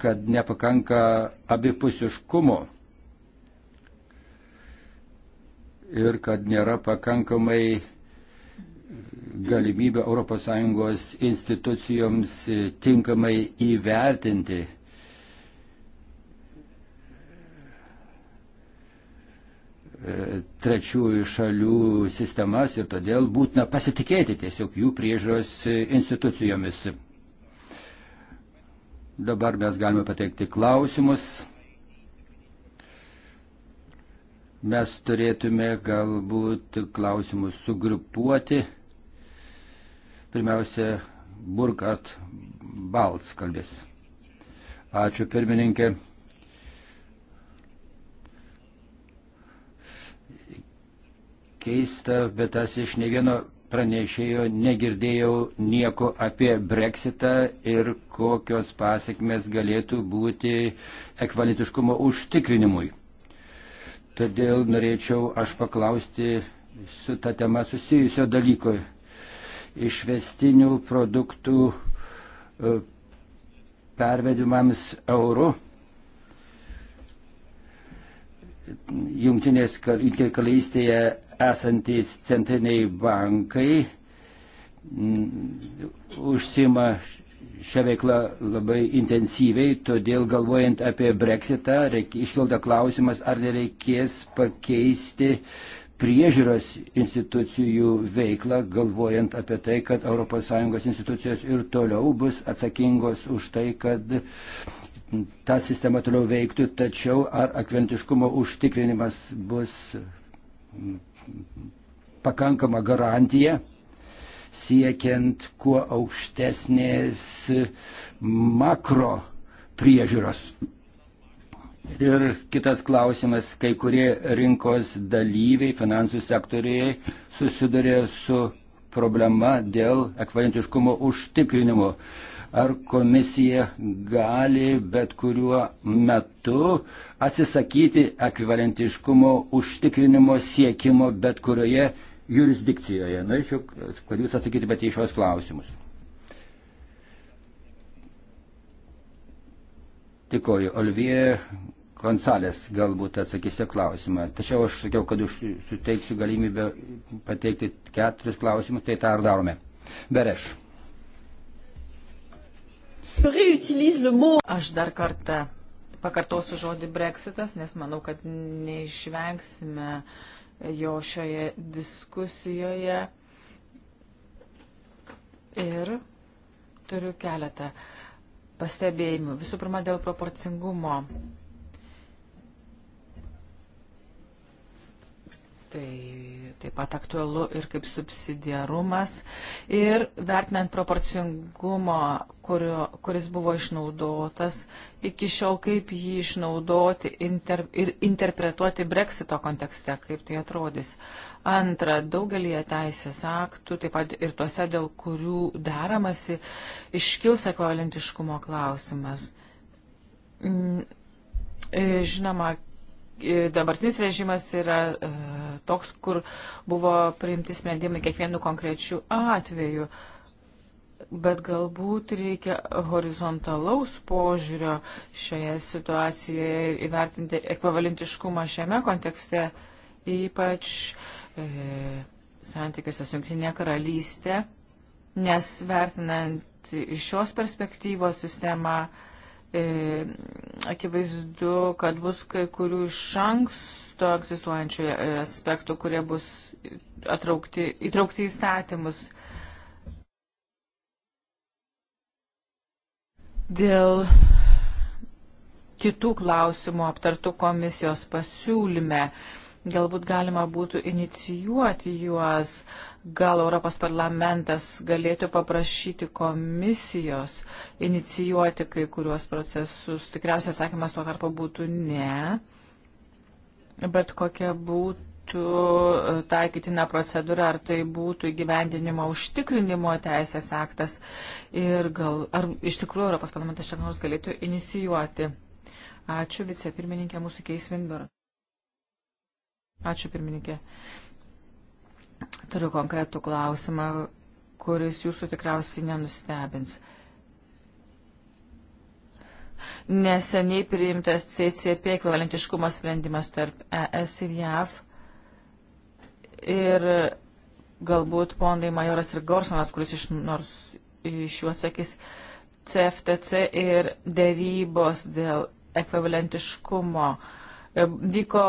kad nepakanka abipusiškumo ir kad nėra pakankamai galimybę ES institucijoms e, tinkamai įvertinti e, trečiųjų šalių sistemas ir todėl būtina pasitikėti tiesiog jų priežiūros e, institucijomis. Dabar mes galime pateikti klausimus. Mes turėtume galbūt klausimus sugrupuoti. Pirmiausia, Burkart Balts kalbės. Ačiū pirmininkė. Keista, bet aš iš ne vieno pranešėjo negirdėjau nieko apie breksitą ir kokios pasiekmes galėtų būti ekvalitiškumo užtikrinimui. Todėl norėčiau aš paklausti su ta tema susijusio dalyko išvestinių produktų e, pervedimams eurų. Jungtinės karalystėje esantys centriniai bankai mm, užsima šią veiklą labai intensyviai, todėl galvojant apie breksitą, iškilda klausimas, ar nereikės pakeisti priežiūros institucijų veiklą, galvojant apie tai, kad ES institucijos ir toliau bus atsakingos už tai, kad ta sistema toliau veiktų, tačiau ar akventiškumo užtikrinimas bus pakankama garantija siekiant kuo aukštesnės makro priežiūros. Ir kitas klausimas, kai kurie rinkos dalyviai finansų sektoriai susiduria su problema dėl ekvalentiškumo užtikrinimo. Ar komisija gali bet kuriuo metu atsisakyti ekvalentiškumo užtikrinimo siekimo bet kurioje jurisdikcijoje? Norėčiau, kad jūs atsakytumėte į šios klausimus. Tikoju, Olivie Konsalės galbūt atsakysi klausimą. Tačiau aš sakiau, kad už, suteiksiu galimybę pateikti keturis klausimus, tai tą ir darome. Bereš. Aš dar kartą pakartosiu žodį breksitas, nes manau, kad neišvengsime jo šioje diskusijoje. Ir turiu keletą pastebėjimų. Visų pirma, dėl proporcingumo Tai taip pat aktualu ir kaip subsidiarumas. Ir vertinant proporcingumo, kurio, kuris buvo išnaudotas, iki šiol kaip jį išnaudoti inter, ir interpretuoti breksito kontekste, kaip tai atrodys. Antra, daugelį teisės aktų, taip pat ir tuose, dėl kurių deramasi, iškils ekvalentiškumo klausimas. Mm, e, žinoma, dabartinis režimas yra e, toks, kur buvo priimti sprendimai kiekvienu konkrečiu atveju. Bet galbūt reikia horizontalaus požiūrio šioje situacijoje ir įvertinti ekvivalentiškumą šiame kontekste, ypač e, santykiuose su Junktinė karalystė, nes vertinant iš šios perspektyvos sistemą, e, e, akivaizdu, kad bus kai kurių iš anksto egzistuojančių e, aspektų, kurie bus atraukti, įtraukti į statymus. Dėl kitų klausimų aptartų komisijos pasiūlyme. E, Galbūt galima būtų inicijuoti juos, gal Europos parlamentas galėtų paprašyti komisijos inicijuoti kai kuriuos procesus. Tikriausiai atsakymas tuo tarpu būtų ne, bet kokia būtų būtų e, taikytina procedūra, ar tai būtų įgyvendinimo užtikrinimo teisės aktas ir gal, ar iš tikrųjų Europos parlamentas šiandien nors galėtų inicijuoti. Ačiū vicepirmininkė mūsų Keisvinbar. Ačiū pirmininkė. Turiu konkretų klausimą, kuris jūsų tikriausiai nenustebins. Neseniai priimtas CCP ekvivalentiškumo sprendimas tarp ES ir JAV. Ir galbūt pondai Majoras ir Gorsonas, kuris iš nors iš jų atsakys CFTC ir dėrybos dėl ekvivalentiškumo. Uh, E, vyko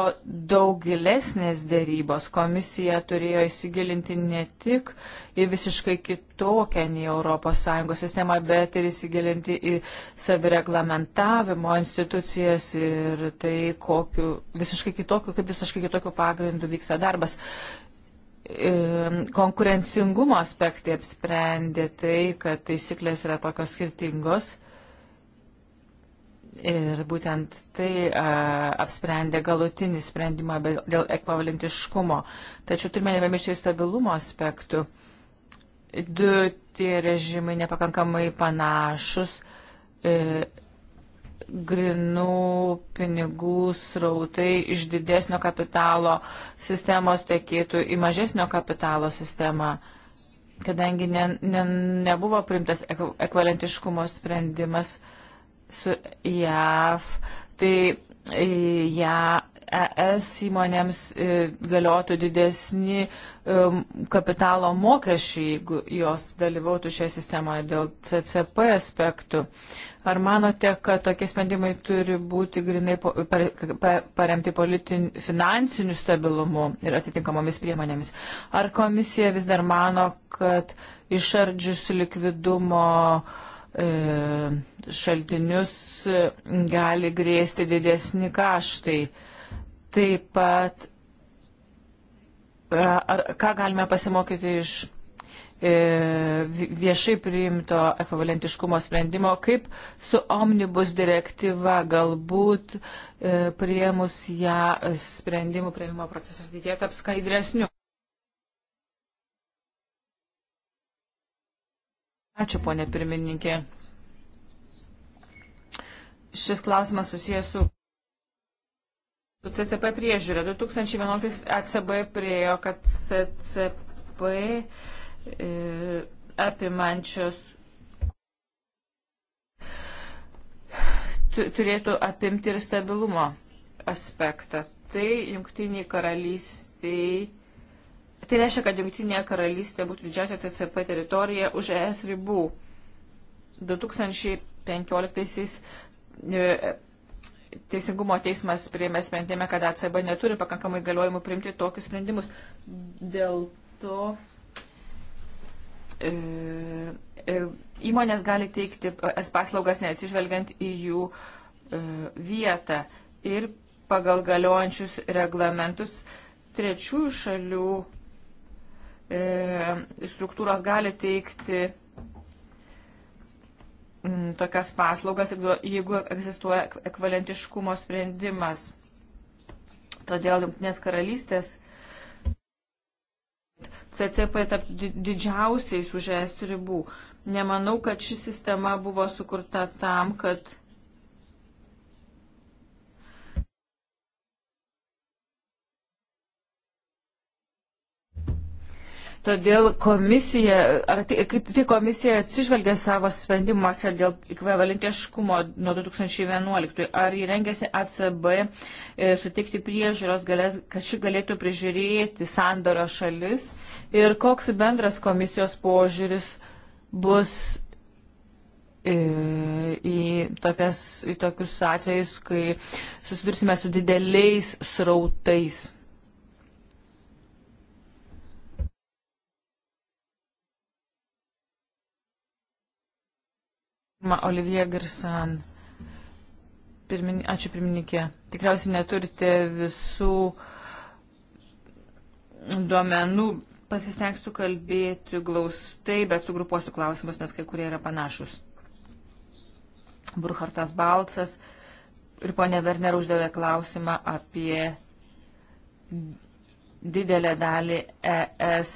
daug gilesnės dėrybos. Komisija turėjo įsigilinti ne tik į visiškai kitokią nei ES sistemą, bet ir įsigilinti į savireglamentavimo institucijas ir tai, kokiu, visiškai kitokiu, kaip visiškai kitokiu pagrindu vyksta darbas. E, konkurencingumo aspektai apsprendė tai, kad taisyklės yra tokios skirtingos Ir būtent tai a, apsprendė galutinį sprendimą dėl ekvivalentiškumo. Tačiau turime nepamiršti stabilumo aspektų. Du tie režimai nepakankamai panašus. E, grinų pinigų srautai iš didesnio kapitalo sistemos tekėtų į mažesnio kapitalo sistemą, kadangi ne, ne, nebuvo primtas ekvalentiškumo sprendimas. E, su JAV, tai e, ja, ES įmonėms e, galiotų didesni e, kapitalo mokesčiai, jeigu jos dalyvautų šioje sistemoje dėl CCP aspektų. Ar manote, kad tokie sprendimai turi būti grinai paremti politin, finansiniu stabilumu ir atitinkamomis priemonėmis? Ar komisija vis dar mano, kad išardžius likvidumo uh, E, šaltinius gali grėsti didesni kaštai. Taip pat, e, ar, ką galime pasimokyti iš e, viešai priimto ekvivalentiškumo sprendimo, kaip su omnibus direktyva galbūt prieimus ją sprendimų prieimimo procesas didėtų apskaidresniu. Ačiū, ponė pirmininkė. Šis klausimas susijęs su CCP priežiūrė. 2011 ECB priejo, kad CCP e, apimančios turėtų apimti ir stabilumo aspektą. Tai jungtiniai karalystiai Tai reiškia, kad Junktinė karalystė būtų didžiausia CCP teritorija už ES ribų. 2015-aisiais e, Teisingumo teismas priėmė sprendimą, kad ACB neturi pakankamai galiojimų priimti tokius sprendimus. Dėl to e, e, įmonės gali teikti es paslaugas neatsižvelgiant į jų e, vietą ir pagal galiojančius reglamentus trečiųjų šalių E, struktūros gali teikti mm, tokias paslaugas, jeigu egzistuoja ekvalentiškumo sprendimas. Todėl Junktinės karalystės CCP tarp didžiausiais už es ribų. Nemanau, kad ši sistema buvo sukurta tam, kad Todėl komisija, tai, tai komisija atsižvelgia savo sprendimuose dėl ekvivalentiškumo nuo 2011. Ar jį rengėsi ACB e, sutikti priežiūros, galės, kad ši galėtų prižiūrėti sandoro šalis ir koks bendras komisijos požiūris bus e, į, tokias, į tokius atvejus, kai susidursime su dideliais srautais. Olivier Girsan. Pirmin... Ačiū pirmininkė. Tikriausiai neturite visų duomenų. Pasistengsiu kalbėti glaustai, bet sugrupuosiu klausimus, nes kai kurie yra panašus. Burkhartas Balcas ir ponė Werner uždavė klausimą apie didelę dalį ES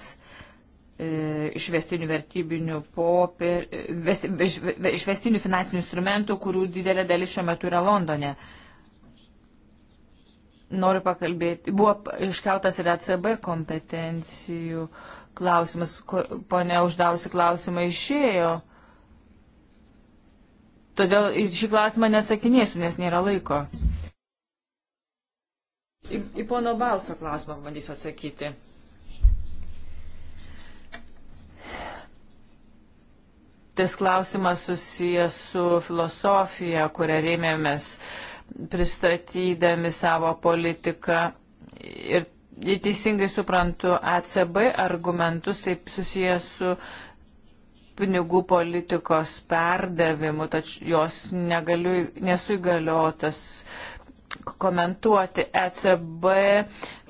E, išvestinių vertybinių popier, išvestinių finansinių instrumentų, kurių didelė dalis šiuo metu yra Londone. Noriu pakalbėti, buvo iškeltas ir ACB kompetencijų klausimas, ponia uždavusi klausimą išėjo. Todėl šį klausimą neatsakinėsiu, nes nėra laiko. Į, į pono Balso klausimą bandysiu atsakyti. Tas klausimas susijęs su filosofija, kurią rėmėmės pristatydami savo politiką. Ir jei teisingai suprantu, ACB argumentus taip susijęs su pinigų politikos perdavimu, tačiau jos negaliu, nesu įgaliotas uh, komentuoti ECB.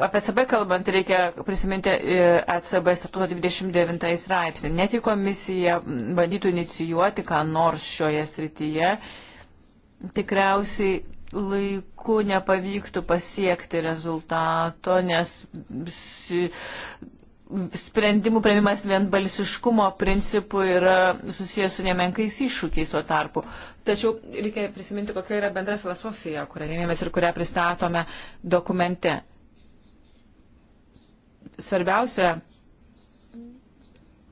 Apie ECB kalbant, reikia prisiminti ECB statuto 29 straipsnį. Net jei komisija bandytų inicijuoti ką nors šioje srityje, tikriausiai laiku nepavyktų pasiekti rezultato, nes sprendimų prieimimas vienbalsiškumo principų yra susijęs su nemenkais iššūkiais tuo tarpu. Tačiau reikia prisiminti, kokia yra bendra filosofija, kurią rėmėmės ir kurią pristatome dokumente. Svarbiausia,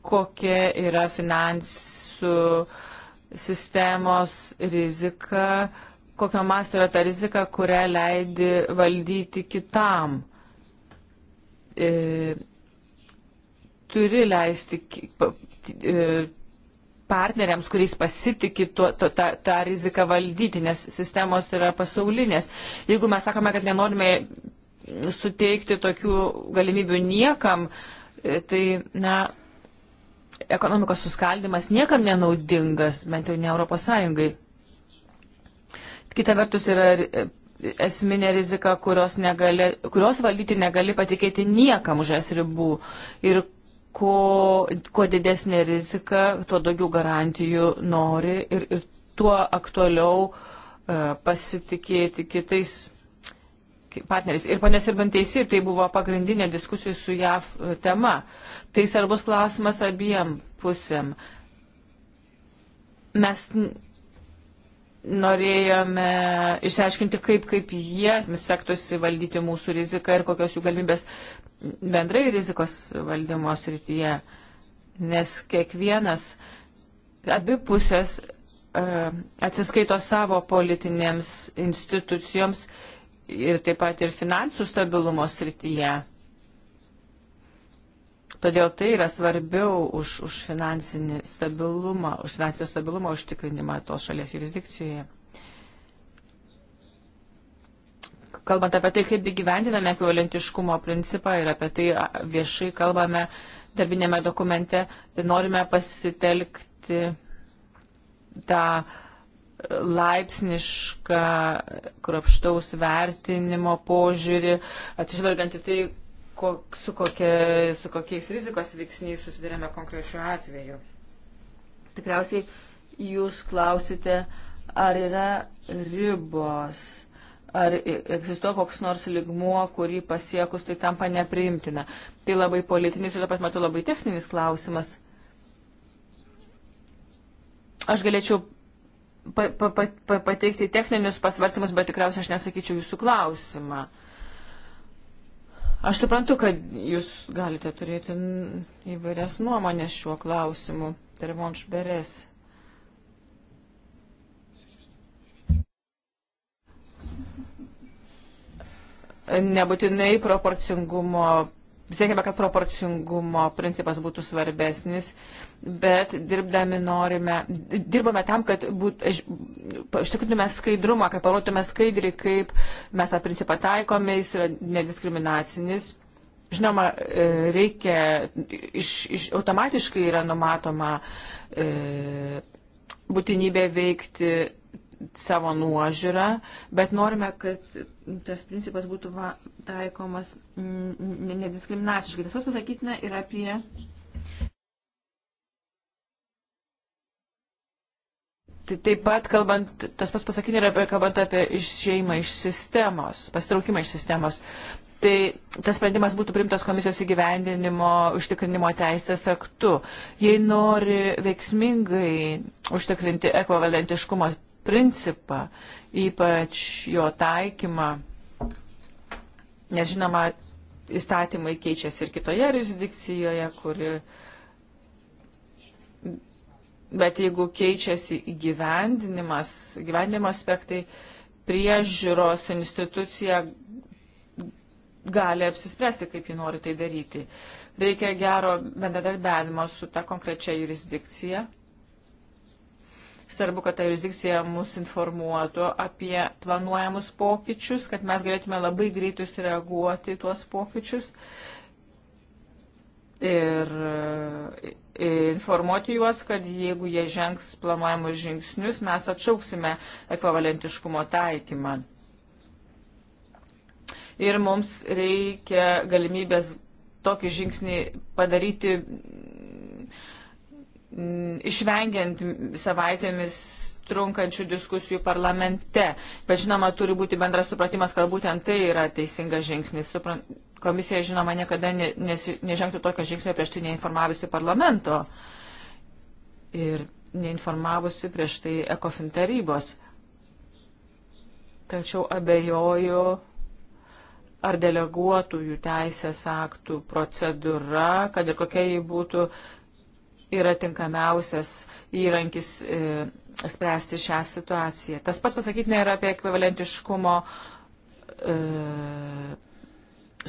kokia yra finansų sistemos rizika, kokio masto yra ta rizika, kurią leidi valdyti kitam. E, turi leisti e, partneriams, kuriais pasitiki tuo, tuo, tą, tą riziką valdyti, nes sistemos yra pasaulinės. Jeigu mes sakome, kad nenorime suteikti tokių galimybių niekam, e, tai, na, ekonomikos suskaldimas niekam nenaudingas, bent jau ne Europos Sąjungai. Kita vertus yra e, esminė rizika, kurios, negali, kurios valdyti negali patikėti niekam už es ribų. Ir kuo, kuo didesnė rizika, tuo daugiau garantijų nori ir, ir tuo aktualiau uh, pasitikėti kitais partneriais. Ir ponės ir banteisi, tai buvo pagrindinė diskusijų su JAV e, tema. Tai svarbus klausimas abiem pusėm. Mes norėjome išsiaiškinti, kaip, kaip jie sektųsi valdyti mūsų riziką ir kokios jų galimybės bendrai rizikos valdymo srityje. Nes kiekvienas abipusės uh, e, atsiskaito savo politinėms institucijoms ir taip pat ir finansų stabilumo srityje. Todėl tai yra svarbiau už, už finansinį stabilumą, už finansinio stabilumo užtikrinimą tos šalies jurisdikcijoje. Kalbant apie tai, kaip įgyvendiname ekvivalentiškumo principą ir apie tai viešai kalbame darbinėme dokumente, norime pasitelkti tą laipsnišką kropštaus vertinimo požiūrį, atsižvelgiant į tai, kok, su, kokia, su kokiais rizikos veiksniais susidurėme konkrečiu atveju. Tikriausiai jūs klausite, ar yra ribos, ar egzistuoja koks nors ligmuo, kurį pasiekus tai tampa nepriimtina. Tai labai politinis ir taip pat metu labai techninis klausimas. Aš galėčiau pa, pa, pa, pateikti techninius pasvarstymus, bet tikriausiai aš nesakyčiau jūsų klausimą. Uh, Aš suprantu, kad jūs galite turėti įvairias nuomonės šiuo klausimu. Tervonš Beres. Nebūtinai proporcingumo siekiame, kad proporcingumo principas būtų svarbesnis, bet dirbdami norime, dirbame tam, kad būt, užtikrintume skaidrumą, kad parodytume skaidriai, kaip mes tą principą taikome, jis yra nediskriminacinis. Žinoma, e, reikia, iš, iš, automatiškai yra numatoma e, būtinybė veikti savo nuožiūrą, bet norime, kad tas principas būtų va, taikomas nediskriminaciškai. Tas pasakytina ir apie. Taip pat, kalbant, tas pats pasakinė yra apie, kalbant apie išėjimą iš sistemos, pastraukimą iš sistemos. Tai tas sprendimas būtų primtas komisijos įgyvendinimo užtikrinimo teisės aktu. Jei nori veiksmingai užtikrinti ekvivalentiškumo principą, ypač jo taikymą, nes žinoma, įstatymai keičiasi ir kitoje jurisdikcijoje, kuri. Bet jeigu keičiasi įgyvendinimas, įgyvendinimo aspektai, priežiūros institucija gali apsispręsti, kaip ji nori tai daryti. Reikia gero bendradarbiavimo su ta konkrečia jurisdikcija Svarbu, kad ta jurisdikcija mus informuotų apie planuojamus pokyčius, kad mes galėtume labai greitai sureaguoti į tuos pokyčius ir informuoti juos, kad jeigu jie žengs planuojamus žingsnius, mes atšauksime ekvivalentiškumo taikymą. Ir mums reikia galimybės tokį žingsnį padaryti Mm, išvengiant savaitėmis trunkančių diskusijų parlamente. Bet žinoma, turi būti bendras supratimas, kad būtent tai yra teisingas žingsnis. Supran... Komisija, žinoma, niekada ne, nes, nežengtų tokio žingsnio prieš tai neinformavusi parlamento ir neinformavusi prieš tai ECOFIN tarybos. Tačiau abejoju, ar deleguotųjų teisės aktų procedūra, kad ir kokia jį būtų, yra tinkamiausias įrankis e, spręsti šią situaciją. Tas pats pasakytina yra apie ekvivalentiškumo e,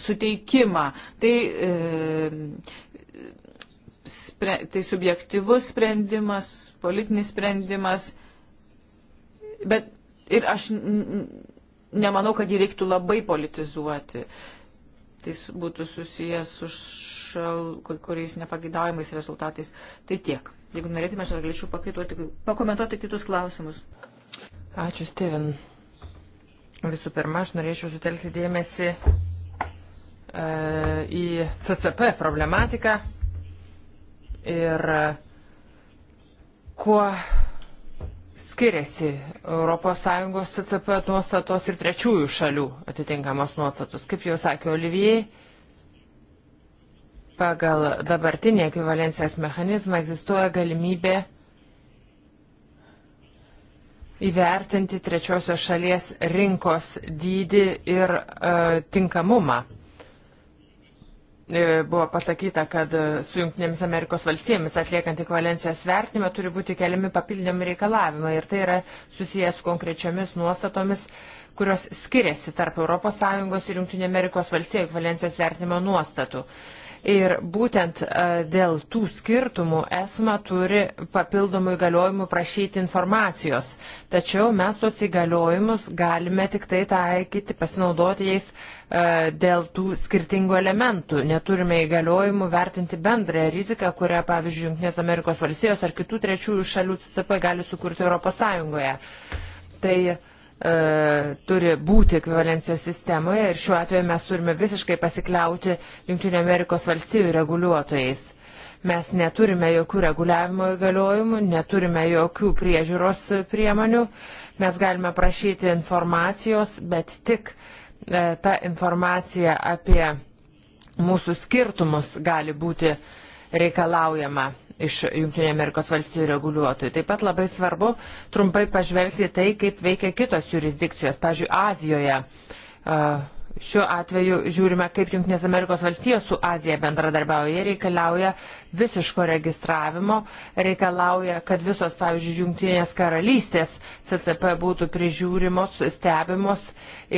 suteikimą. Tai, e, spre, tai subjektivus sprendimas, politinis sprendimas, bet ir aš nemanau, kad jį reiktų labai politizuoti. E, tai būtų susijęs su šal, kuriais nepagidaujamais rezultatais. Tai tiek. Jeigu norėtume, aš galėčiau pakomentuoti kitus klausimus. Ačiū, Steven. Visų pirma, aš norėčiau sutelkti dėmesį e, į CCP problematiką ir kuo skiriasi ES CCP nuostatos ir trečiųjų šalių atitinkamos nuostatos. Kaip jau sakė Olivijai, pagal dabartinį ekvivalencijos mechanizmą egzistuoja galimybė įvertinti trečiosios šalies rinkos dydį ir e, tinkamumą. E, buvo pasakyta, kad e, su Junktinėmis Amerikos valstybėmis atliekant ekvalencijos vertinimą turi būti keliami papildomi reikalavimai ir tai yra susijęs su konkrečiomis nuostatomis kurios skiriasi tarp ES ir Junktinė Amerikos valstybių ekvalencijos vertinimo nuostatų. Uh, Ir būtent e, dėl tų skirtumų esma turi papildomų įgaliojimų prašyti informacijos. Tačiau mes tuos įgaliojimus galime tik tai taikyti, pasinaudoti jais e, dėl tų skirtingų elementų. Neturime įgaliojimų vertinti bendrąją riziką, kurią, pavyzdžiui, Junktinės Amerikos valstijos ar kitų trečiųjų šalių CCP gali sukurti Europos Sąjungoje. Tai uh, E, turi būti ekvivalencijos sistemoje ir šiuo atveju mes turime visiškai pasikliauti Junktinio Amerikos valstybių reguliuotojais. Mes neturime jokių reguliavimo įgaliojimų, neturime jokių priežiūros priemonių, mes galime prašyti informacijos, bet tik e, ta informacija apie mūsų skirtumus gali būti reikalaujama iš Junktinė Amerikos valstybių reguliuotojų. Taip pat labai svarbu trumpai pažvelgti tai, kaip veikia kitos jurisdikcijos, pažiūrėjau, Azijoje. Uh, Šiuo atveju žiūrime, kaip Junktinės Amerikos valstijos su Azija bendradarbiauja. Jie reikalauja visiško registravimo, reikalauja, kad visos, pavyzdžiui, Junktinės karalystės CCP būtų prižiūrimos, stebimos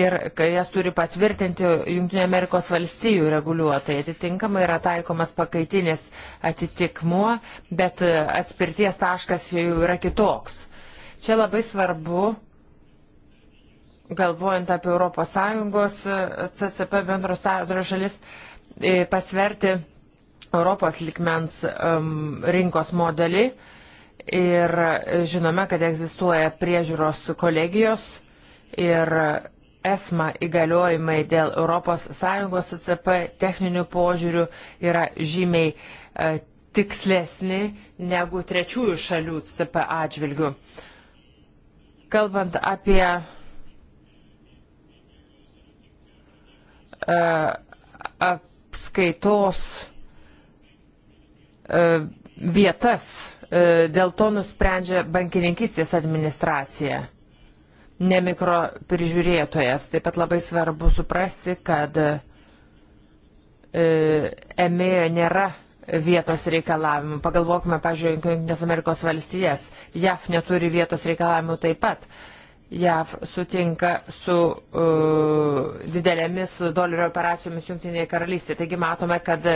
ir jas turi patvirtinti Junktinės Amerikos valstijų reguliuotojai. Atitinkamai yra taikomas pakaitinis atitikmuo, bet atspirties taškas jau yra kitoks. Čia labai svarbu galvojant apie ES e, CCP bendros sąjūdro šalis, e, pasverti Europos likmens um, rinkos modelį. Ir e, žinome, kad egzistuoja priežiūros kolegijos ir esma įgaliojimai dėl ES CCP techninių požiūrių yra žymiai uh, tikslesni negu trečiųjų šalių CCP atžvilgių. Kalbant apie E, apskaitos e, vietas. E, dėl to nusprendžia bankininkistės administracija, ne mikroprižiūrėtojas. Taip pat labai svarbu suprasti, kad emėjo nėra vietos reikalavimų. Pagalvokime, pažiūrėjau, Junktinės Amerikos valstijas. JAF neturi vietos reikalavimų taip pat. JAV sutinka su uh, didelėmis dolerio operacijomis Junktinėje karalystėje. Taigi matome, kad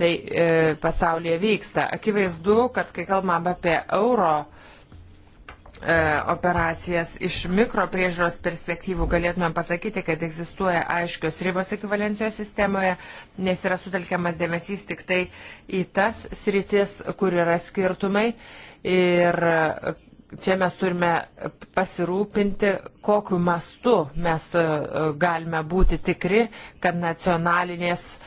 tai e, pasaulyje vyksta. Akivaizdu, kad kai kalbam apie euro e, operacijas iš mikropriežiūros perspektyvų galėtumėm pasakyti, kad egzistuoja aiškios ribos ekvivalencijos sistemoje, nes yra sutelkiamas dėmesys tik tai į tas sritis, kur yra skirtumai ir čia mes turime pasirūpinti, kokiu mastu mes e, galime būti tikri, kad nacionalinės e,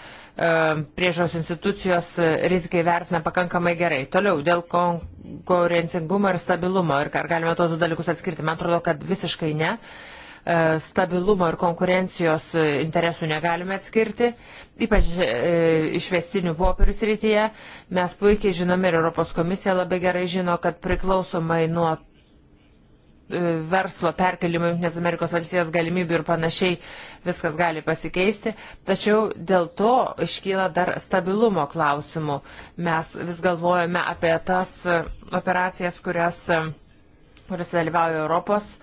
priežos institucijos e, rizikai vertina pakankamai gerai. Toliau, dėl konkurencingumo ir stabilumo ir ar galime tos du dalykus atskirti, man atrodo, kad visiškai ne. Uh, E, stabilumo ir konkurencijos e, interesų negalime atskirti, ypač e, išvestinių popierių srityje. Mes puikiai žinome ir Europos komisija labai gerai žino, kad priklausomai nuo verslo perkelimo Junktinės Amerikos valstijos galimybių ir panašiai viskas gali pasikeisti. Tačiau dėl to iškyla dar stabilumo klausimų. Mes vis galvojame apie tas operacijas, kurias, kurias dalyvauja Europos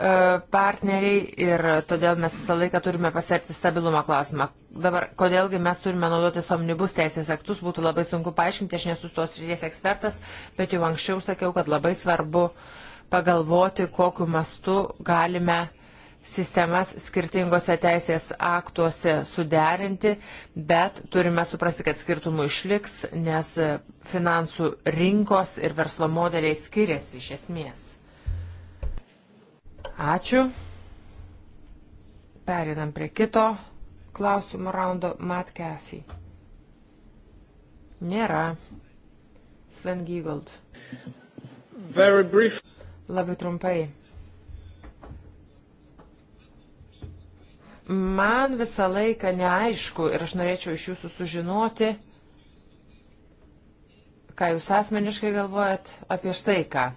E, partneriai ir todėl mes visą laiką turime pasverti stabilumo klausimą. Dabar, kodėlgi mes turime naudotis omnibus teisės aktus, būtų labai sunku paaiškinti, aš nesu tos ryties ekspertas, bet jau anksčiau sakiau, kad labai svarbu pagalvoti, kokiu mastu galime sistemas skirtingose teisės aktuose suderinti, bet turime suprasti, kad skirtumų išliks, nes finansų rinkos ir verslo modeliai skiriasi iš esmės. Ačiū. Perinam prie kito klausimų raundo. Matt Cassie. Nėra. Sven Giegold. Very brief. Labai trumpai. Man visą laiką neaišku ir aš norėčiau iš jūsų sužinoti, ką jūs asmeniškai galvojat apie štai ką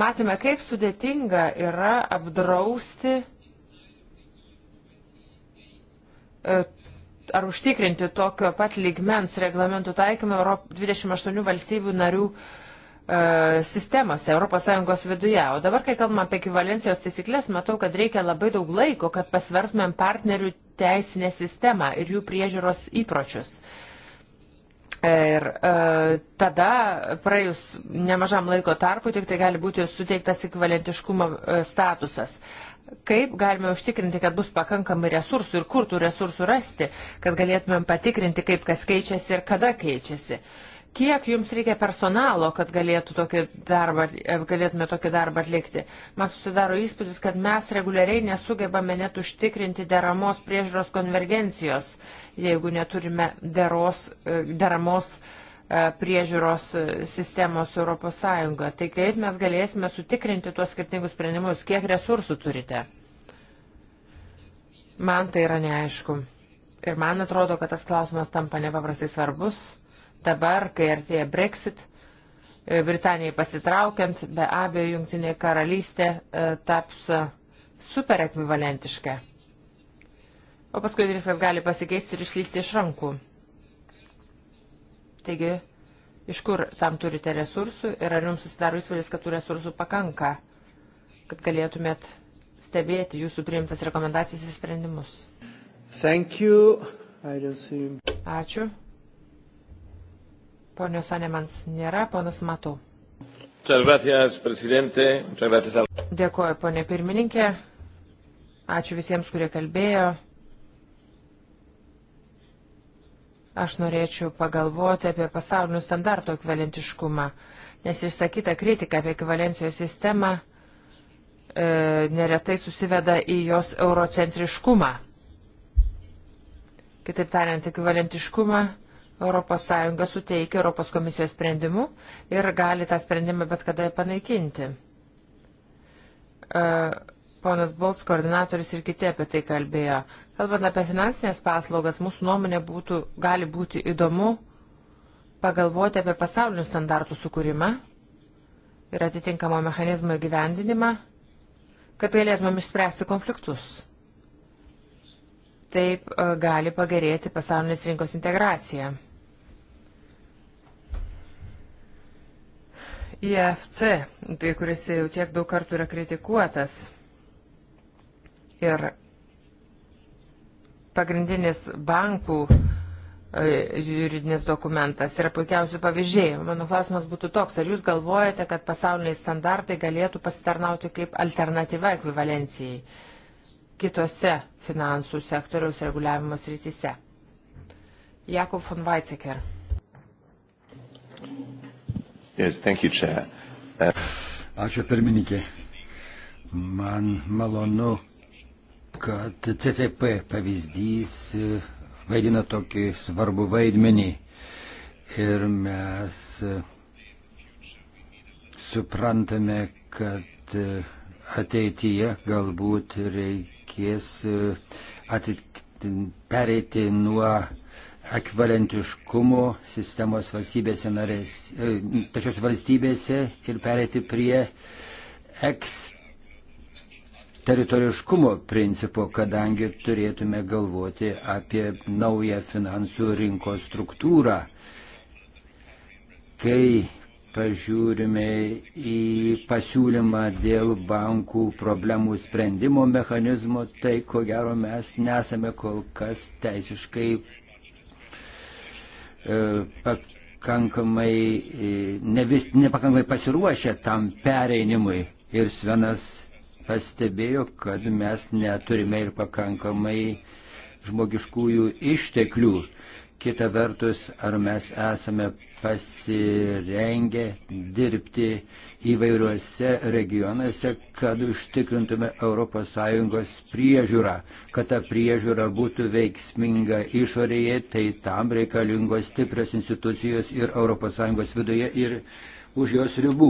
matėme, kaip sudėtinga yra apdrausti e, ar užtikrinti tokio pat lygmens reglamentų taikymą 28 valstybių narių e, sistemose ES viduje. O dabar, kai kalbam apie ekvivalencijos taisyklės, matau, kad reikia labai daug laiko, kad pasvertumėm partnerių teisinę sistemą ir jų priežiūros įpročius. Uh, Ir e, tada, praėjus nemažam laiko tarpu, tik tai gali būti suteiktas ekvivalentiškumo e, statusas. Kaip galime užtikrinti, kad bus pakankamai resursų ir kur tų resursų rasti, kad galėtumėm patikrinti, kaip kas keičiasi ir kada keičiasi. E, Kiek jums reikia personalo, kad galėtų tokį darbą, e, galėtume tokį darbą atlikti? Man susidaro įspūdis, kad mes reguliariai nesugebame net užtikrinti deramos priežiūros konvergencijos, jeigu neturime deros, e, deramos e, priežiūros sistemos ES. Tai kaip mes galėsime sutikrinti tuos skirtingus sprendimus, kiek resursų turite? Man tai yra neaišku. Ir man atrodo, kad tas klausimas tampa nepaprastai svarbus dabar, kai artėja Brexit, e, Britanijai pasitraukiant, be abejo, Junktinė karalystė e, taps e, super ekvivalentiška. O paskui viskas gali pasikeisti ir išlysti iš rankų. Taigi, iš kur tam turite resursų ir ar jums susidaro įspūdis, kad tų resursų pakanka, kad galėtumėt stebėti jūsų priimtas rekomendacijas ir sprendimus? Ačiū. Ponios Anemans nėra, ponas Matau. Dėkuoju, ponė pirmininkė. Ačiū visiems, kurie kalbėjo. Aš norėčiau pagalvoti apie pasaulinių standartų ekvalentiškumą, nes išsakyta kritika apie ekvalencijos sistemą e, neretai susiveda į jos eurocentriškumą. Kitaip tariant, ekvalentiškumą ES suteikia Europos komisijos sprendimu ir gali tą sprendimą bet kada panaikinti. E, ponas Bolts, koordinatorius ir kiti apie tai kalbėjo. Kalbant apie finansinės paslaugas, mūsų nuomonė būtų, gali būti įdomu pagalvoti apie pasaulinių standartų sukūrimą ir atitinkamo mechanizmo įgyvendinimą, kad galėtumėm išspręsti konfliktus. Taip e, gali pagerėti pasaulinės rinkos integracija. IFC, tai kuris jau tiek daug kartų yra kritikuotas. Ir pagrindinis bankų e, juridinis dokumentas yra puikiausių pavyzdžiai. Mano klausimas būtų toks, ar jūs galvojate, kad pasauliniai standartai galėtų pasitarnauti kaip alternatyva ekvivalencijai kitose finansų sektoriaus reguliavimo srityse? Jakub von Weizsäcker. Yes, thank you, Chair. Uh... Ačiū pirmininkė. Man malonu, kad CCP pavyzdys vaidina tokį svarbų vaidmenį. Ir mes suprantame, kad ateityje galbūt reikės atitikti pereiti nuo ekvalentiškumo sistemos valstybėse narės, e, tačios valstybėse ir perėti prie eksteritoriškumo principo, kadangi turėtume galvoti apie naują finansų rinkos struktūrą. Kai pažiūrime į pasiūlymą dėl bankų problemų sprendimo mechanizmo, tai ko gero mes nesame kol kas teisiškai E, pakankamai, e, ne vis, nepakankamai pasiruošę tam pereinimui. Ir Svenas pastebėjo, kad mes neturime ir pakankamai žmogiškųjų išteklių. Kita vertus, ar mes esame pasirengę dirbti įvairiuose regionuose, kad užtikrintume ES priežiūrą, kad ta priežiūra būtų veiksminga išorėje, tai tam reikalingos stiprios institucijos ir ES viduje ir už jos ribų.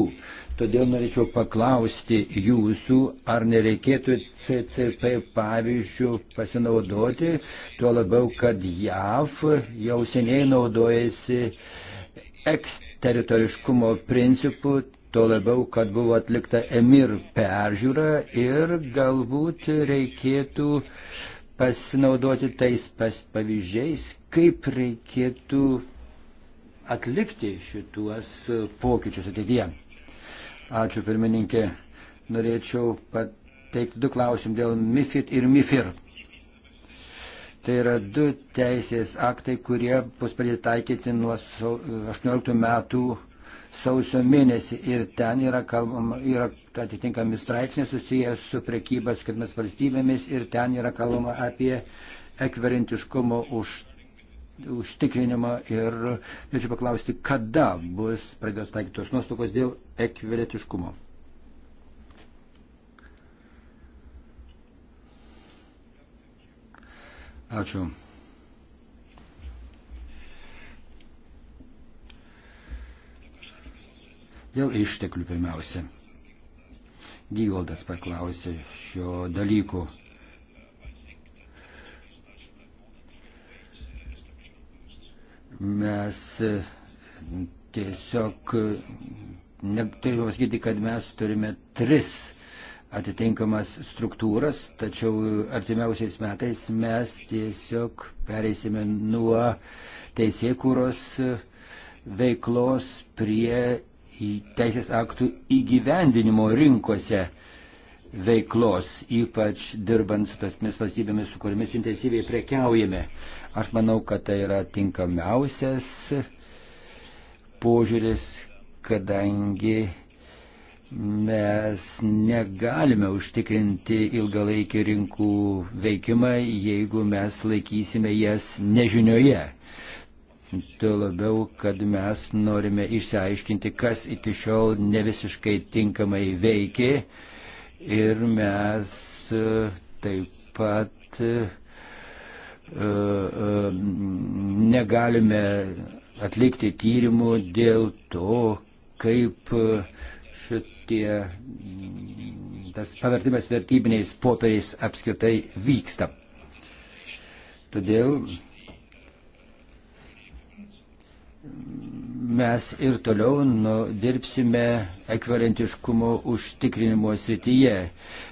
Todėl norėčiau paklausti jūsų, ar nereikėtų CCP pavyzdžių pasinaudoti, tuo labiau, kad JAV jau seniai naudojasi eksteritoriškumo principu, tuo labiau, kad buvo atlikta emir peržiūra ir galbūt reikėtų pasinaudoti tais pavyzdžiais, kaip reikėtų atlikti šituos pokyčius ateityje. Ačiū pirmininkė. Norėčiau pateikti du klausimus dėl MIFID ir MIFIR. Tai yra du teisės aktai, kurie bus pradėti taikyti nuo 18 metų sausio mėnesį ir ten yra, kalbama, yra atitinkami straipsniai susijęs su prekybas skirtimis valstybėmis ir ten yra kalbama apie ekvivalentiškumo už užtikrinimą ir norėčiau paklausti, kada bus pradėtos taikytos nuostokos dėl ekvivaletiškumo. Ačiū. Dėl išteklių pirmiausia. Gyvaldas paklausė šio dalyko Mes e, tiesiog e, turime pasakyti, kad mes turime tris atitinkamas struktūras, tačiau e, artimiausiais metais mes tiesiog pereisime nuo teisėkūros veiklos prie teisės aktų įgyvendinimo rinkose veiklos, ypač dirbant su tasmis valstybėmis, su kuriamis intensyviai prekiaujame. Aš manau, kad tai yra tinkamiausias požiūris, kadangi mes negalime užtikrinti ilgalaikį rinkų veikimą, jeigu mes laikysime jas nežinioje. Tuo labiau, kad mes norime išsiaiškinti, kas iki šiol ne visiškai tinkamai veikė ir mes e, taip pat e, E, e, negalime atlikti tyrimų dėl to, kaip šitie tas pavertimas vertybiniais popieriais apskritai vyksta. Todėl mes ir toliau nu, dirbsime ekvivalentiškumo užtikrinimo srityje.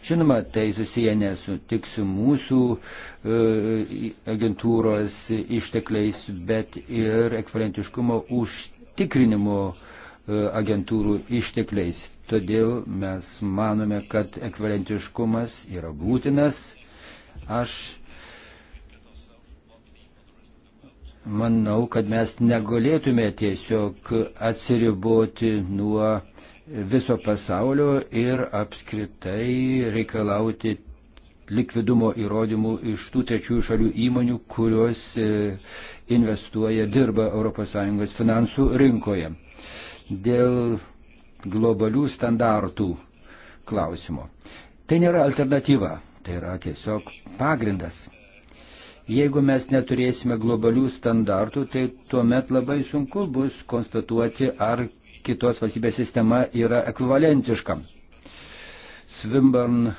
Žinoma, tai susiję ne su, tik su mūsų e, agentūros ištekliais, bet ir ekvivalentiškumo užtikrinimo e, agentūrų ištekliais. Todėl mes manome, kad ekvivalentiškumas yra būtinas. Aš manau, kad mes negalėtume tiesiog atsiriboti nuo viso pasaulio ir apskritai reikalauti likvidumo įrodymų iš tų trečiųjų šalių įmonių, kurios e, investuoja, dirba ES finansų rinkoje. Dėl globalių standartų klausimo. Tai nėra alternatyva, tai yra tiesiog pagrindas. Jeigu mes neturėsime globalių standartų, tai tuomet labai sunku bus konstatuoti, ar kitos valstybės sistema yra ekvivalentiška. Svimbarn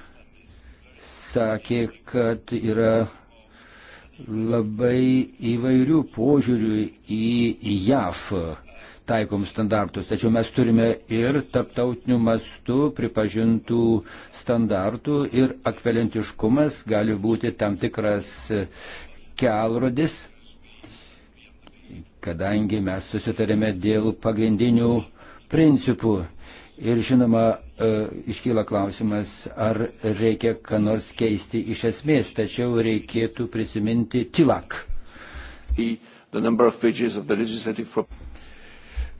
sakė, kad yra labai įvairių požiūrių į JAF taikom standartus, tačiau mes turime ir taptautinių mastų pripažintų standartų ir akvelentiškumas gali būti tam tikras kelrodis, kadangi mes susitarėme dėl pagrindinių principų. Ir žinoma, e, iškyla klausimas, ar reikia ką nors keisti iš esmės, tačiau reikėtų prisiminti tilak. The, the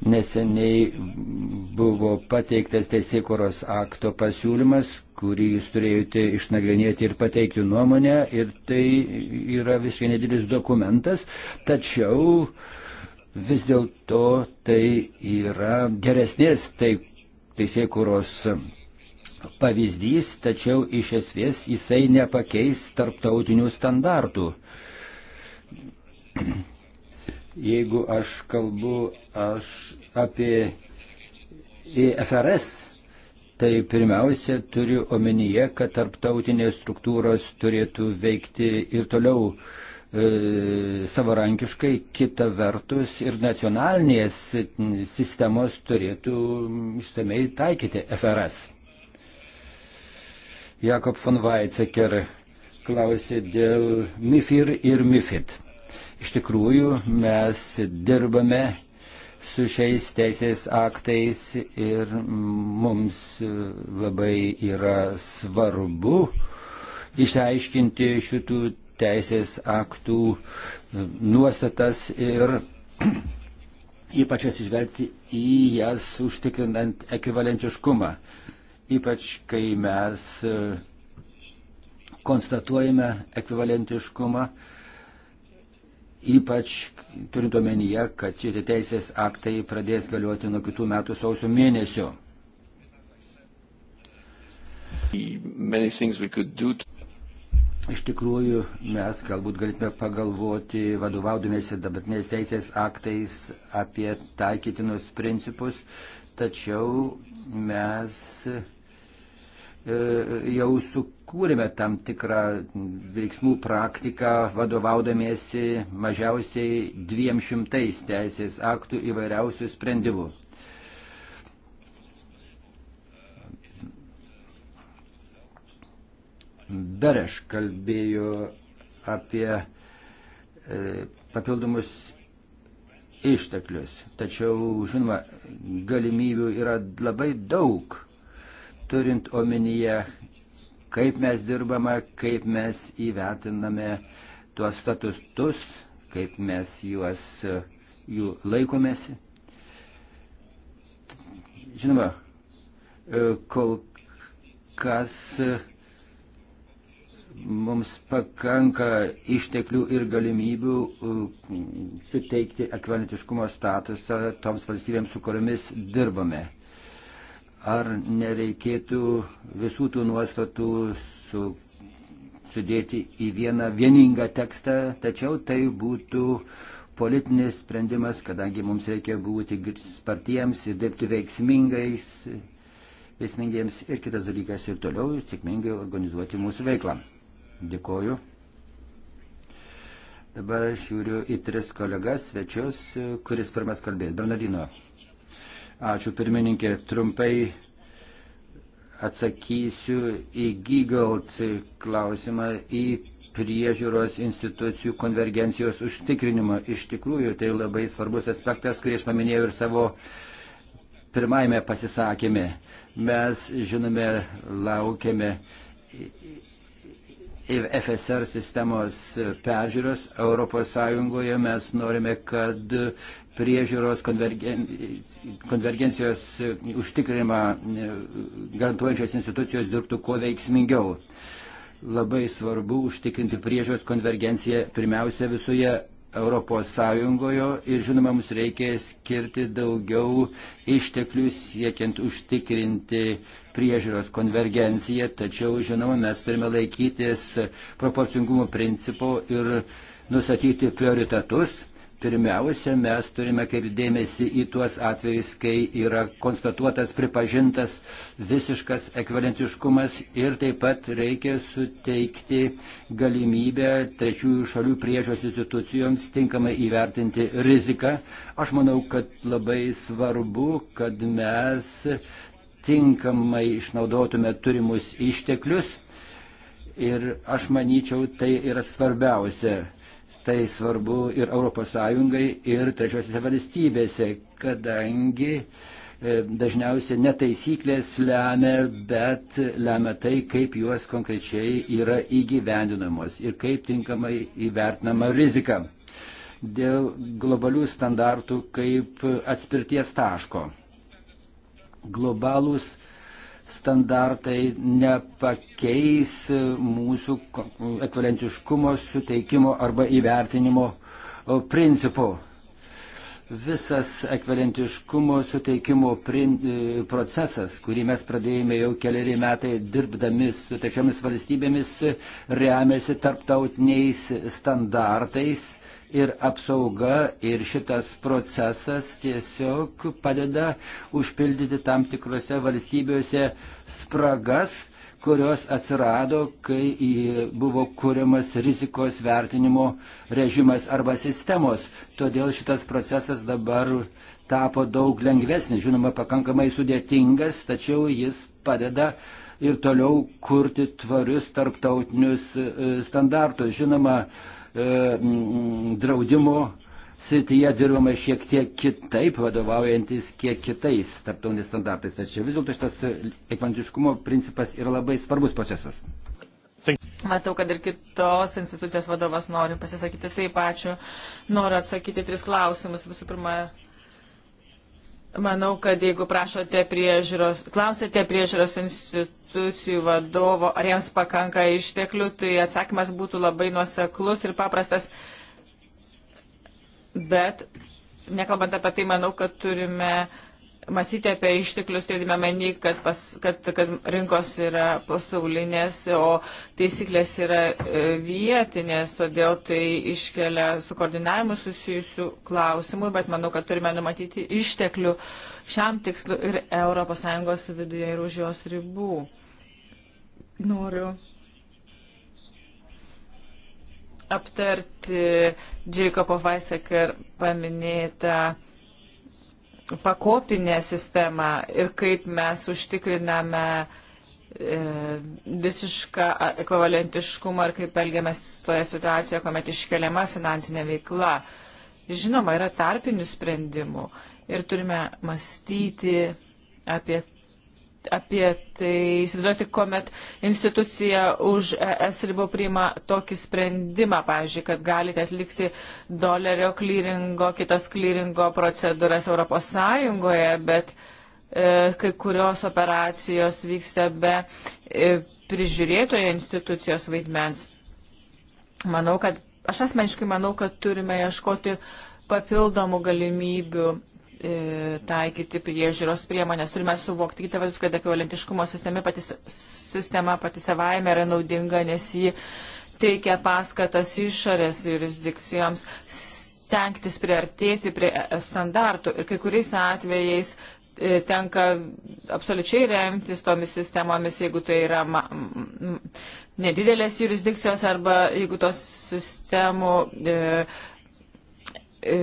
Neseniai buvo pateiktas teisėkoros akto pasiūlymas, kurį jūs turėjote išnagrinėti ir pateikti nuomonę, ir tai yra visiškai nedidelis dokumentas, tačiau vis dėlto tai yra geresnės tai, teisėkoros pavyzdys, tačiau iš esmės jisai nepakeis tarptautinių standartų. Jeigu aš kalbu aš apie IFRS, e tai pirmiausia turiu omenyje, kad tarptautinės struktūros turėtų veikti ir toliau e, savarankiškai, kita vertus ir nacionalinės sistemos turėtų išsamei taikyti FRS. Jakob von Weizsäcker klausė dėl MIFIR ir MIFID. Iš tikrųjų, mes dirbame su šiais teisės aktais ir mums labai yra svarbu išaiškinti šitų teisės aktų nuostatas ir ypač atsižvelgti į jas užtikrinant ekvivalentiškumą. Ypač kai mes konstatuojame ekvivalentiškumą, uh, Ypač turint omenyje, kad šitie teisės aktai pradės galioti nuo kitų metų sausio mėnesio. Iš tikrųjų, mes galbūt galėtume pagalvoti, vadovaudomėsi dabartinės teisės aktais apie taikytinus principus, tačiau mes E, jau sukūrėme tam tikrą veiksmų praktiką, vadovaudamiesi mažiausiai 200 teisės aktų įvairiausių sprendimų. Bereš kalbėjo apie e, papildomus išteklius, tačiau, žinoma, galimybių yra labai daug turint omenyje, kaip mes dirbame, kaip mes įvertiname tuos statustus, kaip mes juos jų laikomėsi. Žinoma, kol kas mums pakanka išteklių ir galimybių uh, suteikti ekvalentiškumo statusą toms valstybėms, su kuriomis dirbame ar nereikėtų visų tų nuostatų su, sudėti į vieną vieningą tekstą, tačiau tai būtų politinis sprendimas, kadangi mums reikia būti spartiems ir dirbti veiksmingais, veiksmingiems ir kitas dalykas ir toliau sėkmingai organizuoti mūsų veiklą. Dėkoju. Dabar aš žiūriu į tris kolegas, svečius, kuris pirmas kalbės. Bernardino. Ačiū pirmininkė, trumpai atsakysiu į Gygalt klausimą, į priežiūros institucijų konvergencijos užtikrinimą. Iš tikrųjų, tai labai svarbus aspektas, kurį aš paminėjau ir savo pirmajame pasisakėme. Mes, žinome, laukiame FSR sistemos peržiūros ES. Mes norime, kad priežiūros konvergen... konvergencijos e, užtikrinimą e, garantuojančios institucijos dirbtų kuo veiksmingiau. Labai svarbu užtikrinti priežiūros konvergenciją pirmiausia visoje Europos Sąjungoje ir žinoma mums reikia skirti daugiau išteklių siekiant užtikrinti priežiūros konvergenciją, tačiau žinoma mes turime laikytis proporcingumo principo ir nustatyti prioritetus Pirmiausia, mes turime kaip dėmesį į tuos atvejus, kai yra konstatuotas, pripažintas visiškas ekvalentiškumas ir taip pat reikia suteikti galimybę trečiųjų šalių priežios institucijoms tinkamai įvertinti riziką. Aš manau, kad labai svarbu, kad mes tinkamai išnaudotume turimus išteklius ir aš manyčiau, tai yra svarbiausia Tai svarbu ir ES, ir trečiosiuose valstybėse, kadangi e, dažniausiai netaisyklės lemia, bet lemia tai, kaip juos konkrečiai yra įgyvendinamos ir kaip tinkamai įvertinama rizika dėl globalių standartų kaip atspirties taško. Globalūs standartai nepakeis mūsų ekvalentiškumo suteikimo arba įvertinimo principų. Visas ekvalentiškumo suteikimo e, procesas, kurį mes pradėjome jau keliari metai dirbdami su trečiomis valstybėmis, remiasi tarptautiniais standartais ir apsauga ir šitas procesas tiesiog padeda užpildyti tam tikrose valstybėse spragas, kurios atsirado, kai buvo kuriamas rizikos vertinimo režimas arba sistemos. Todėl šitas procesas dabar tapo daug lengvesnis, žinoma, pakankamai sudėtingas, tačiau jis padeda ir toliau kurti tvarius tarptautinius e, standartus. Žinoma, E, draudimo srityje dirbama šiek tiek kitaip, vadovaujantis kiek kitais tarptautiniais standartais. Tačiau vis dėlto šitas ekvantiškumo principas yra labai svarbus procesas. Matau, kad ir kitos institucijos vadovas nori pasisakyti taip, ačiū. Noriu atsakyti tris klausimus. Visų pirma, Manau, kad jeigu prašote priežiūros, klausėte priežiūros institucijų vadovo, ar jiems pakanka išteklių, tai atsakymas būtų labai nuoseklus ir paprastas. Bet, nekalbant apie tai, manau, kad turime uh, mąstyti apie išteklius, turime menį, kad, pas, kad, kad rinkos yra pasaulinės, o taisyklės yra e, vietinės, todėl tai iškelia su koordinavimu susijusių klausimų, bet manau, kad turime numatyti išteklių šiam tikslu ir ES viduje ir už jos ribų. Noriu aptarti Jacobo Weissaker paminėtą pakopinę sistemą ir kaip mes užtikriname e, visišką ekvivalentiškumą ir kaip elgiamės toje situacijoje, kuomet iškeliama finansinė veikla. Žinoma, yra tarpinių sprendimų ir turime mąstyti apie apie tai, įsivaizduoti, kuomet institucija už ES ribų priima tokį sprendimą, pavyzdžiui, kad galite atlikti dolerio klyringo, kitas klyringo procedūras Europos Sąjungoje, bet e, kai kurios operacijos vyksta be e, prižiūrėtojo institucijos vaidmens. Manau, kad aš asmeniškai manau, kad turime ieškoti papildomų galimybių E, taikyti priežiūros priemonės. Turime suvokti kitą vadus, kad ekvivalentiškumo sistema pati, sistema pati savaime yra naudinga, nes ji teikia paskatas išorės jurisdikcijoms stengtis priartėti prie e-, standartų ir kai kuriais atvejais e, tenka absoliučiai remtis tomis sistemomis, jeigu tai yra ma, m, nedidelės jurisdikcijos arba jeigu tos sistemų e, e,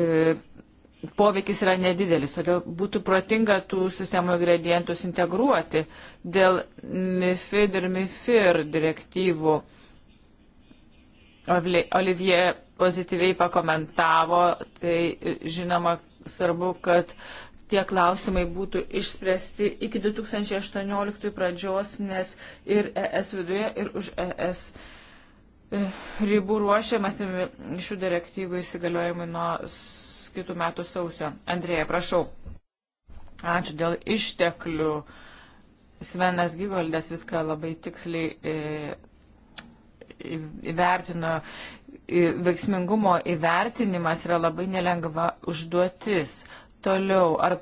poveikis yra nedidelis, todėl būtų protinga tų sistemų ingredientus integruoti dėl MIFID ir MIFIR direktyvų. Olivier pozityviai pakomentavo, tai e, žinoma svarbu, kad tie klausimai būtų išspręsti iki 2018 pradžios, nes ir ES viduje, ir už ES e, ribų ruošiamas šių direktyvų įsigaliojimai nuo kitų metų sausio. Andrėja, prašau. Ačiū dėl išteklių. Svenas Gyvaldas viską labai tiksliai e, įvertino. E, veiksmingumo įvertinimas yra labai nelengva užduotis. Toliau, ar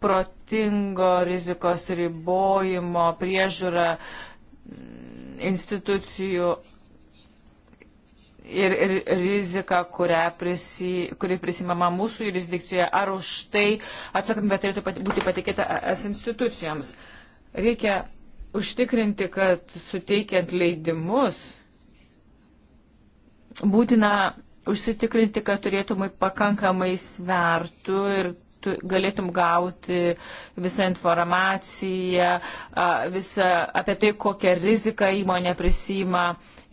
protingo rizikos ribojimo priežiūra institucijų ir, ir rizika, prisi, kuri prisimama mūsų jurisdikcijoje, ar už tai atsakomybė turėtų būti patikėta es institucijoms. Reikia užtikrinti, kad suteikiant leidimus būtina užsitikrinti, kad turėtumai pakankamai svertų ir tu galėtum gauti visą informaciją, visą apie tai, kokią riziką įmonė prisima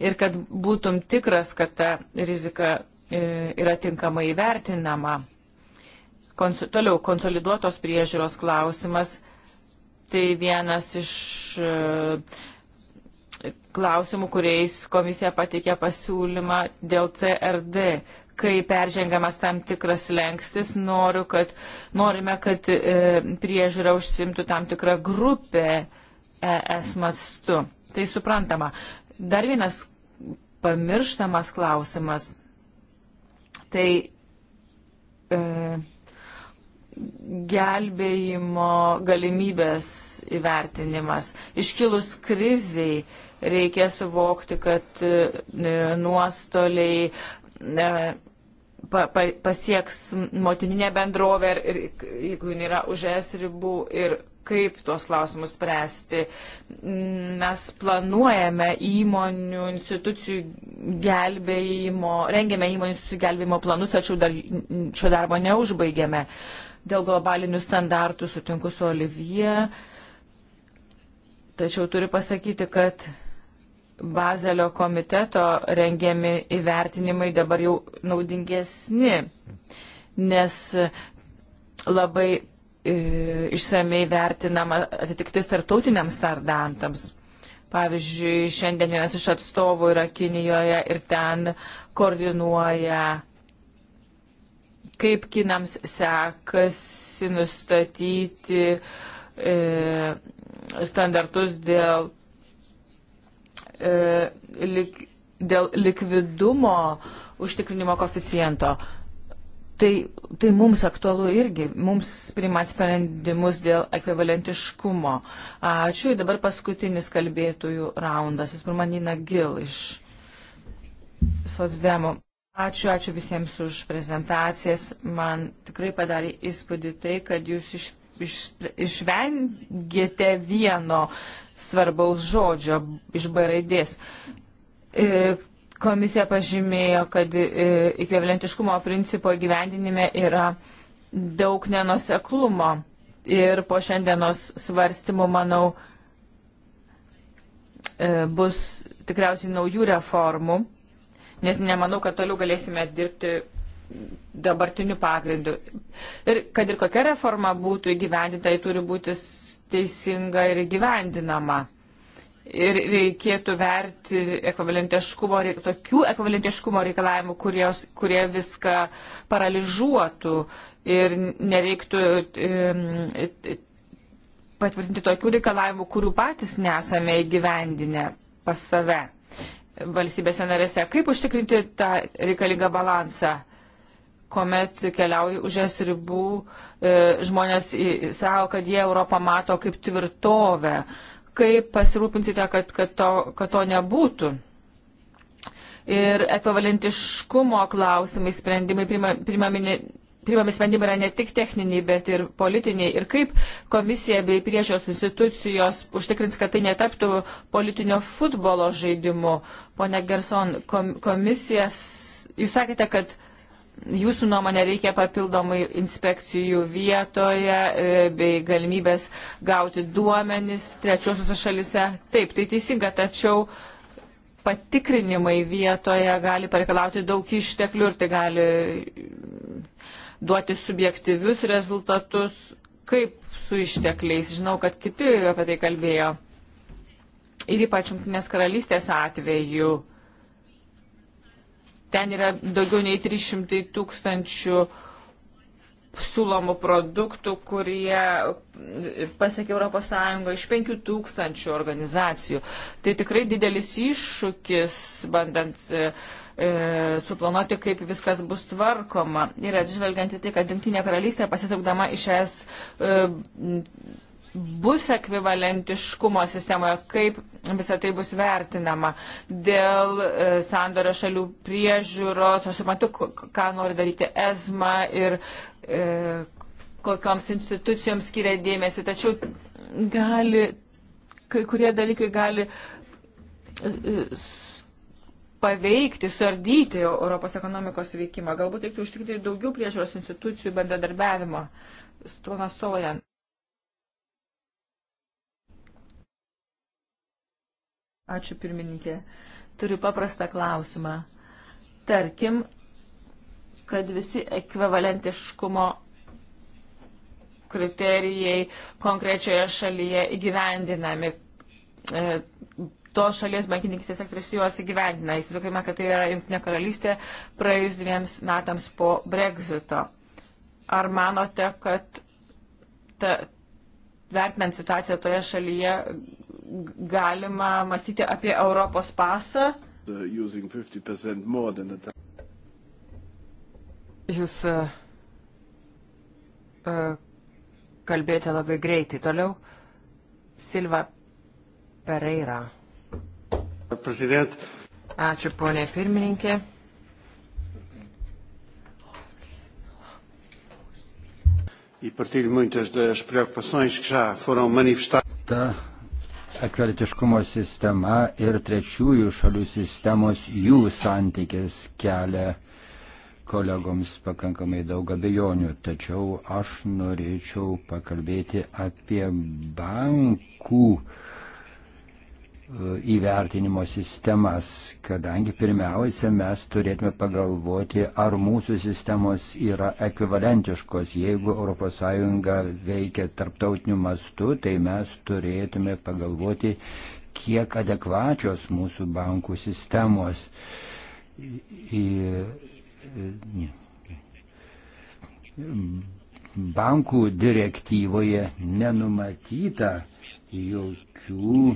ir kad būtum tikras, kad ta rizika e, yra tinkamai įvertinama. Kons toliau, konsoliduotos priežiūros klausimas. Tai vienas iš e, klausimų, kuriais komisija pateikė pasiūlymą dėl CRD kai peržengiamas tam tikras lenkstis, noriu, kad, norime, kad e, priežiūra užsimtų tam tikrą grupę ES mastu. Tai suprantama. Dar vienas pamirštamas klausimas. Tai e, gelbėjimo galimybės įvertinimas. Iškilus kriziai reikia suvokti, kad e, nuostoliai E, pa, pa, pasieks motininė bendrovė, ir, jeigu jinai yra už es ribų ir kaip tuos klausimus spręsti. Mes planuojame įmonių, institucijų gelbėjimo, rengiame įmonių institucijų gelbėjimo planus, tačiau dar, šio darbo neužbaigėme. Dėl globalinių standartų sutinku su Olivie, tačiau turiu pasakyti, kad Bazelio komiteto rengiami įvertinimai dabar jau naudingesni, nes labai e, išsamei vertinama atitiktis tarptautiniams stardantams. Pavyzdžiui, šiandien vienas iš atstovų yra Kinijoje ir ten koordinuoja, kaip kinams sekasi nustatyti e, standartus dėl E, lik, dėl likvidumo užtikrinimo koficijento. Tai, tai mums aktualu irgi, mums priimant sprendimus dėl ekvivalentiškumo. Ačiū. Dabar paskutinis kalbėtojų raundas. Jis pirmanina Gil iš Sosdemo. Ačiū, ačiū visiems už prezentacijas. Man tikrai padarė įspūdį tai, kad jūs iš išvengėte vieno svarbaus žodžio iš B raidės. E, komisija pažymėjo, kad e, ekvivalentiškumo principo gyvendinime yra daug nenoseklumo. Ir po šiandienos svarstymų, manau, e, bus tikriausiai naujų reformų, nes nemanau, kad toliau galėsime dirbti dabartiniu pagrindu. Ir kad ir kokia reforma būtų įgyvendinta, ji turi būti teisinga ir įgyvendinama. Ir reikėtų verti ekvivalentiškumo, tokių ekvivalentiškumo reikalavimų, kurie, kurie viską paralyžuotų ir nereiktų patvirtinti tokių reikalavimų, kurių patys nesame įgyvendinę pas save valstybėse narėse. Kaip užtikrinti tą reikalingą balansą? kuomet keliauji už jas ribų, e, žmonės savo, kad jie Europą mato kaip tvirtovę. Kaip pasirūpinsite, kad, kad, to, kad to nebūtų? Ir ekvivalentiškumo klausimai sprendimai primami primami sprendimai yra ne tik techniniai, bet ir politiniai. Ir kaip komisija bei priešios institucijos užtikrins, kad tai netaptų politinio futbolo žaidimu. Pone Gerson, komisijas, jūs sakėte, kad jūsų nuomonė reikia papildomai inspekcijų vietoje e, bei galimybės gauti duomenis trečiosiuose šalise. Taip, tai teisinga, tačiau patikrinimai vietoje gali pareikalauti daug išteklių ir tai gali duoti subjektyvius rezultatus. Kaip su ištekliais? Žinau, kad kiti apie tai kalbėjo. Ir ypač Junktinės karalystės atveju Ten yra daugiau nei 300 tūkstančių siūlomų produktų, kurie pasiekė ES iš 5 tūkstančių organizacijų. Tai tikrai didelis iššūkis, bandant e, e, suplanuoti, kaip viskas bus tvarkoma. Ir atsižvelgiant į tai, kad Junktinė karalystė pasitraukdama iš es e, bus ekvivalentiškumo sistemoje, kaip visą tai bus vertinama. Dėl e, sandorio šalių priežiūros, aš suprantu, ką nori daryti ESMA ir e, kokioms institucijoms skiria dėmesį, tačiau gali, kai kurie dalykai gali e, paveikti, sardyti Europos ekonomikos veikimą. Galbūt reiktų užtikrinti daugiau priežiūros institucijų bendradarbiavimo. Ponas Stolojan. Ačiū pirmininkė. Turiu paprastą klausimą. Tarkim, kad visi ekvivalentiškumo kriterijai konkrečioje šalyje įgyvendinami. E, tos šalies bankininkistės sektorius juos įgyvendina. Įsivaizduokime, kad tai yra Junktinė karalystė praėjus dviems metams po Brexito. Ar manote, kad ta, vertinant situaciją toje šalyje galima mąstyti apie Europos pasą. Jūs e, e, kalbėjote labai greitai. Toliau Silva Pereira. President. Ačiū, ponė pirmininkė. e partilho muitas das preocupações que já foram manifestadas. Tá ekvalitiškumo sistema ir trečiųjų šalių sistemos jų santykis kelia kolegoms pakankamai daug abejonių. Tačiau aš norėčiau pakalbėti apie bankų uh, įvertinimo sistemas, kadangi pirmiausia mes turėtume pagalvoti, ar mūsų sistemos yra ekvivalentiškos. Jeigu ES veikia tarptautiniu mastu, tai mes turėtume pagalvoti, kiek adekvačios mūsų bankų sistemos. Bankų direktyvoje nenumatyta jokių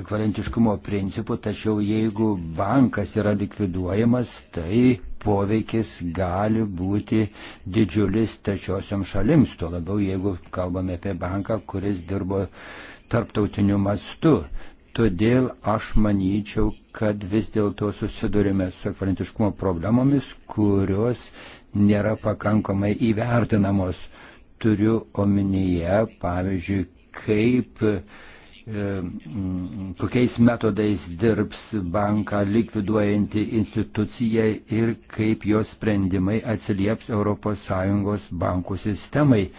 ekvarentiškumo principu, tačiau jeigu bankas yra likviduojamas, tai poveikis gali būti didžiulis trečiosiam šalims, tuo labiau jeigu kalbame apie banką, kuris dirbo tarptautiniu mastu. Todėl aš manyčiau, kad vis dėlto susidurime su ekvalentiškumo problemomis, kurios nėra pakankamai įvertinamos. Turiu omenyje, pavyzdžiui, kaip E, kokiais metodais dirbs banką likviduojanti institucija ir kaip jos sprendimai atsilieps ES bankų sistemai.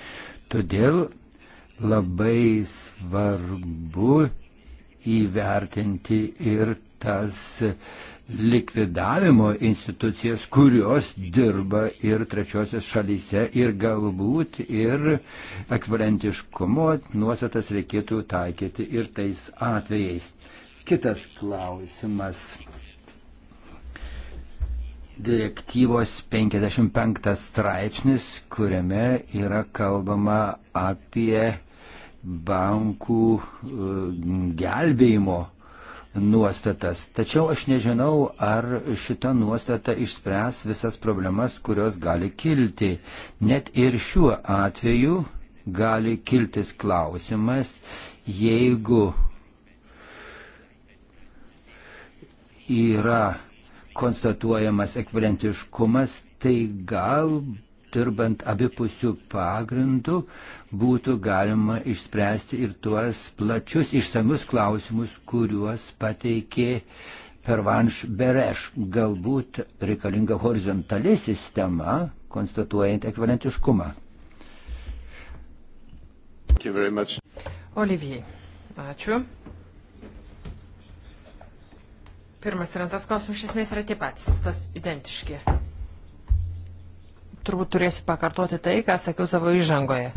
Todėl labai svarbu įvertinti ir tas uh, likvidavimo institucijas, kurios dirba ir trečiosios šalyse ir galbūt ir ekvivalentiškumo nuostatas reikėtų taikyti ir tais atvejais. Kitas klausimas. Direktyvos 55 straipsnis, kuriame yra kalbama apie bankų e, gelbėjimo nuostatas. Tačiau aš nežinau, ar šita nuostata išspręs visas problemas, kurios gali kilti. Net ir šiuo atveju gali kiltis klausimas, jeigu yra konstatuojamas ekvivalentiškumas, tai gal dirbant abipusių pagrindų, būtų galima išspręsti ir tuos plačius išsamius klausimus, kuriuos pateikė Pervanš Bereš. Galbūt reikalinga horizontali sistema, konstatuojant ekvivalentiškumą. Olivier, ačiū. Pirmas ir antras klausimas iš esmės yra tie patys, tas identiški turbūt turėsiu pakartoti tai, ką sakiau savo įžangoje.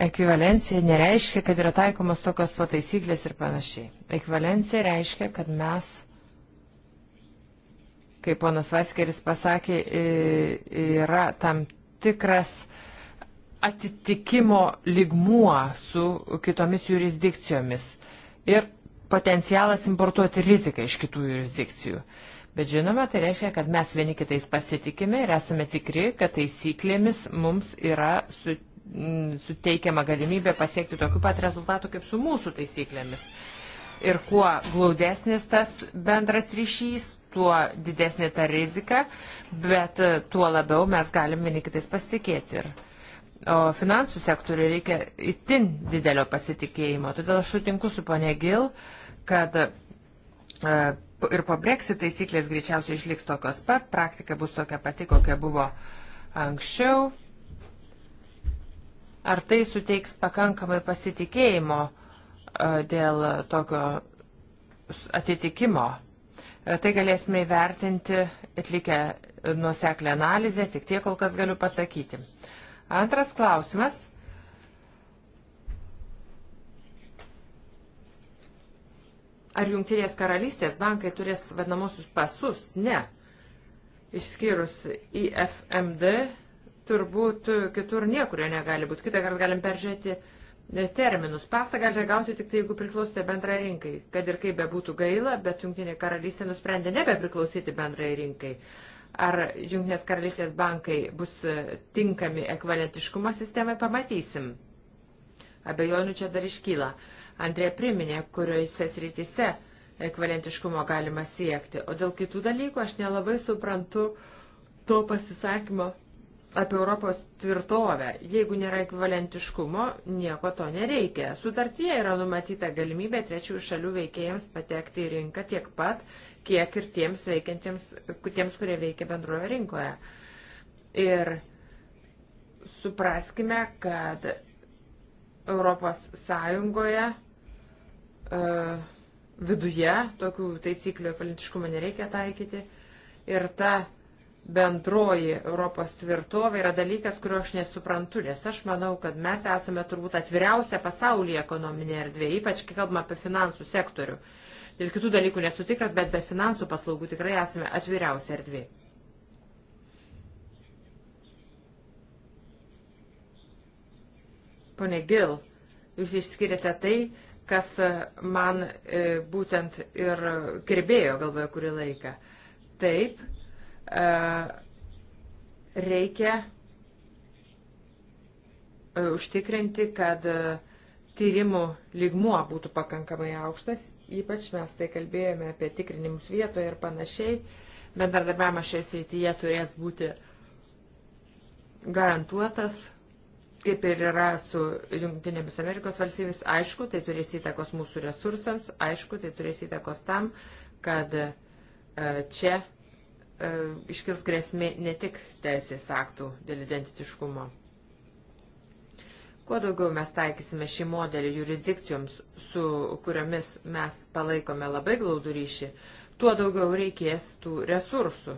Ekvivalencija nereiškia, kad yra taikomos tokios pataisyklės ir panašiai. Ekvivalencija reiškia, kad mes, kaip ponas Vaskeris pasakė, yra tam tikras atitikimo ligmuo su kitomis jurisdikcijomis. Ir potencialas importuoti riziką iš kitų jurisdikcijų. Bet žinoma, tai reiškia, kad mes vieni kitais pasitikime ir esame tikri, kad taisyklėmis mums yra su, m, suteikiama galimybė pasiekti tokių pat rezultatų kaip su mūsų taisyklėmis. Ir kuo glaudesnis tas bendras ryšys, tuo didesnė ta rizika, bet tuo labiau mes galim vieni kitais pasitikėti. Ir O finansų sektoriui reikia itin didelio pasitikėjimo. Todėl aš sutinku su ponė Gil, uh, kad e, ir po Brexit taisyklės greičiausiai išliks tokios pat, praktika bus tokia pati, kokia buvo anksčiau. Ar tai suteiks pakankamai pasitikėjimo e, dėl tokio atitikimo? E, tai galėsime įvertinti atlikę nuoseklę analizę, tik tiek kol kas galiu pasakyti. Antras klausimas Ar jungtinės karalystės bankai turės vadinamosius pasus? Ne. Išskyrus IFMD, turbūt kitur niekur negali būti. Kitą kartą galim peržiūrėti e, terminus. Pasą galite gauti tik tai, jeigu priklausote bendrai rinkai. Kad ir kaip bebūtų gaila, bet jungtinė karalystė nusprendė nebepriklausyti bendrai rinkai ar Junktinės karalystės bankai bus e, tinkami ekvalentiškumo sistemai, pamatysim. Abejonių čia dar iškyla. Andrė priminė, kuriuose srityse ekvalentiškumo galima siekti. O dėl kitų dalykų aš nelabai suprantu to pasisakymo apie Europos tvirtovę. Jeigu nėra ekvalentiškumo, nieko to nereikia. Sutartyje yra numatyta galimybė trečiųjų šalių veikėjams patekti į rinką tiek pat, kiek ir tiems veikiantiems, tiems, kurie veikia bendroje rinkoje. Ir supraskime, kad Europos Sąjungoje E, viduje, tokių taisyklių politiškumo nereikia taikyti. Ir ta bendroji Europos tvirtovė yra dalykas, kurio aš nesuprantu, nes aš manau, kad mes esame turbūt atviriausia pasaulyje ekonominė erdvė, ypač kai kalbame apie finansų sektorių. Dėl kitų dalykų nesu tikras, bet be finansų paslaugų tikrai esame atviriausia erdvė. Pone Gil, jūs išskiriate tai, kas e, man e, būtent ir kirbėjo galvoje kurį laiką. Taip, e, reikia užtikrinti, kad tyrimų lygmuo būtų pakankamai aukštas, ypač mes tai kalbėjome apie tikrinimus vietoje ir panašiai. Bendradarbiavimas šioje srityje turės būti garantuotas, kaip ir yra su Junktinėmis Amerikos valstybėmis, aišku, tai turės įtakos mūsų resursams, aišku, tai turės įtakos tam, kad e, čia e, iškils grėsmė ne tik teisės aktų dėl identitiškumo. Kuo daugiau mes taikysime šį modelį jurisdikcijoms, su kuriomis mes palaikome labai glaudų ryšį, tuo daugiau reikės tų resursų.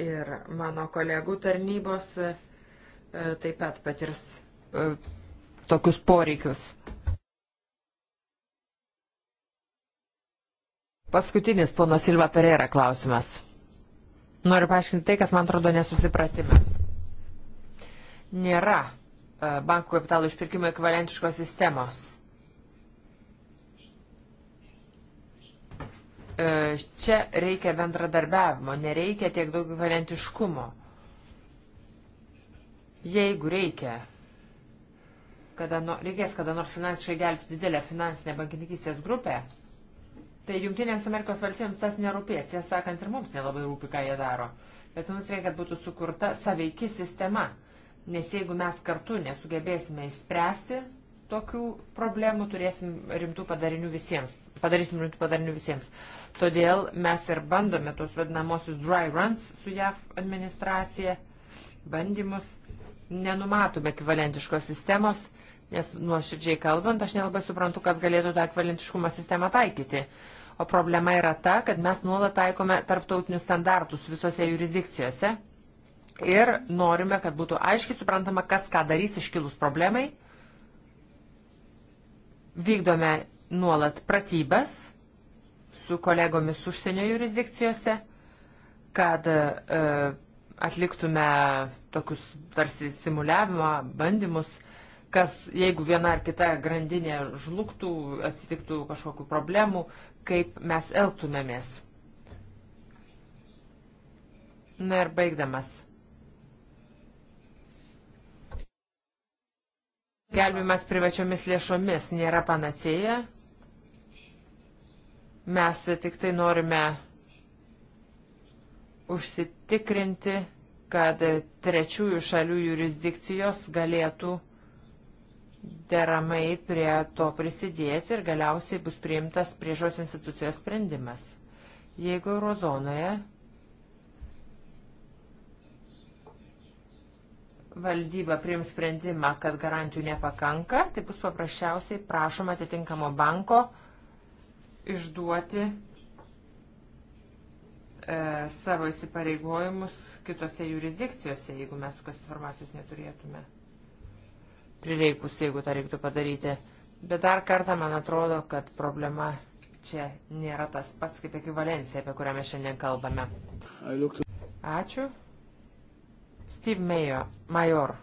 Ir mano kolegų tarnybos uh, E, taip pat patirs e, tokius poreikius. Paskutinis pono Silva Pereira klausimas. Noriu paaiškinti tai, kas man atrodo nesusipratimas. Nėra e, bankų kapitalų išpirkimo ekvivalentiškos sistemos. Čia reikia bendradarbiavimo, nereikia tiek daug ekvivalentiškumo. Jeigu reikia, kada no, reikės kada nors finansiškai gelbėti didelę finansinę bankininkystės grupę, tai Junktinėms Amerikos valstybėms tas nerūpės. Tiesą sakant, ir mums nelabai rūpi, ką jie daro. Bet mums reikia, kad būtų sukurta saveiki sistema. Nes jeigu mes kartu nesugebėsime išspręsti tokių problemų, turėsim rimtų padarinių visiems. Padarysim rimtų padarinių visiems. Todėl mes ir bandome tos vadinamosius dry runs su JAV administracija, bandymus nenumatome ekvivalentiškos sistemos, nes nuoširdžiai kalbant, aš nelabai suprantu, kas galėtų tą ekvivalentiškumo sistemą taikyti. O problema yra ta, kad mes nuolat taikome tarptautinius standartus visose jurisdikcijose ir norime, kad būtų aiškiai suprantama, kas ką darys iškilus problemai. Vykdome nuolat pratybas su kolegomis užsienio jurisdikcijose, kad e, atliktume tokius tarsi simuliavimą, bandymus, kas jeigu viena ar kita grandinė žlugtų, atsitiktų kažkokių problemų, kaip mes elgtumėmės. Na ir baigdamas. Gelbimas privačiomis lėšomis nėra panacėja. Mes tik tai norime užsitikrinti kad trečiųjų šalių jurisdikcijos galėtų deramai prie to prisidėti ir galiausiai bus priimtas priežos institucijos sprendimas. Jeigu eurozonoje valdyba priims sprendimą, kad garantijų nepakanka, tai bus paprasčiausiai prašoma atitinkamo banko išduoti E, savo įsipareigojimus kitose jurisdikcijose, jeigu mes tokios informacijos neturėtume. Prireikus, jeigu tą reiktų padaryti. Bet dar kartą man atrodo, kad problema čia nėra tas pats kaip ekvivalencija, apie kurią mes šiandien kalbame. Ačiū. Steve Mayo, Major.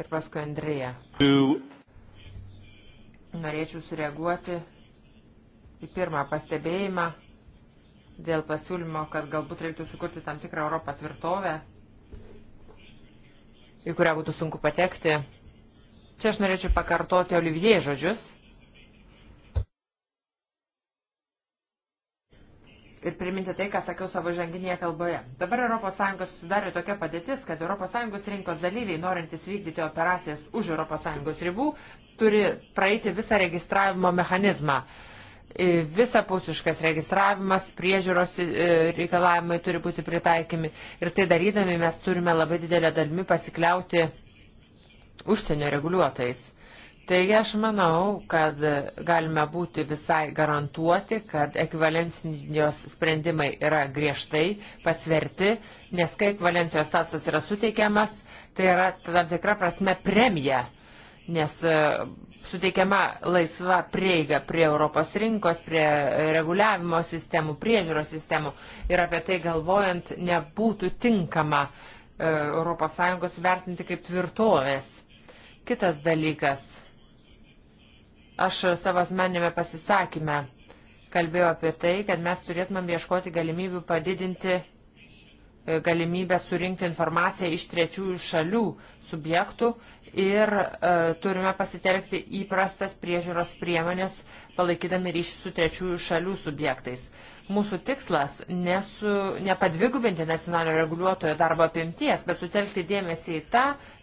Ir paskui Andrėja. Norėčiau sureaguoti į pirmą pastebėjimą dėl pasiūlymo, kad galbūt reiktų sukurti tam tikrą Europą tvirtovę, į kurią būtų sunku patekti. Čia aš norėčiau pakartoti Olivier žodžius. Ir priminti tai, ką sakiau savo žanginėje kalboje. Dabar ES susidarė tokia padėtis, kad ES rinkos dalyviai, norintys vykdyti operacijas už ES ribų, turi praeiti visą registravimo mechanizmą. E, visapusiškas registravimas, priežiūros e, reikalavimai turi būti pritaikymai. Ir tai darydami mes turime labai didelę dalimi pasikliauti užsienio reguliuotojais. Taigi aš manau, kad galime būti visai garantuoti, kad ekvivalencijos sprendimai yra griežtai pasverti, nes kai ekvivalencijos statusas yra suteikiamas, tai yra tam tikra prasme premija nes e, suteikiama laisva prieiga prie Europos rinkos, prie reguliavimo sistemų, priežiūros sistemų ir apie tai galvojant nebūtų tinkama ES vertinti kaip tvirtovės. Kitas dalykas. Aš savo asmenėme pasisakymę kalbėjau apie tai, kad mes turėtumėm ieškoti galimybių padidinti e, galimybę surinkti informaciją iš trečiųjų šalių subjektų ir e, turime pasitelkti įprastas priežiūros priemonės, palaikydami ryšį su trečiųjų šalių subjektais. Mūsų tikslas nesu, nepadvigubinti nacionalinio reguliuotojo darbo apimties, bet sutelkti dėmesį į tą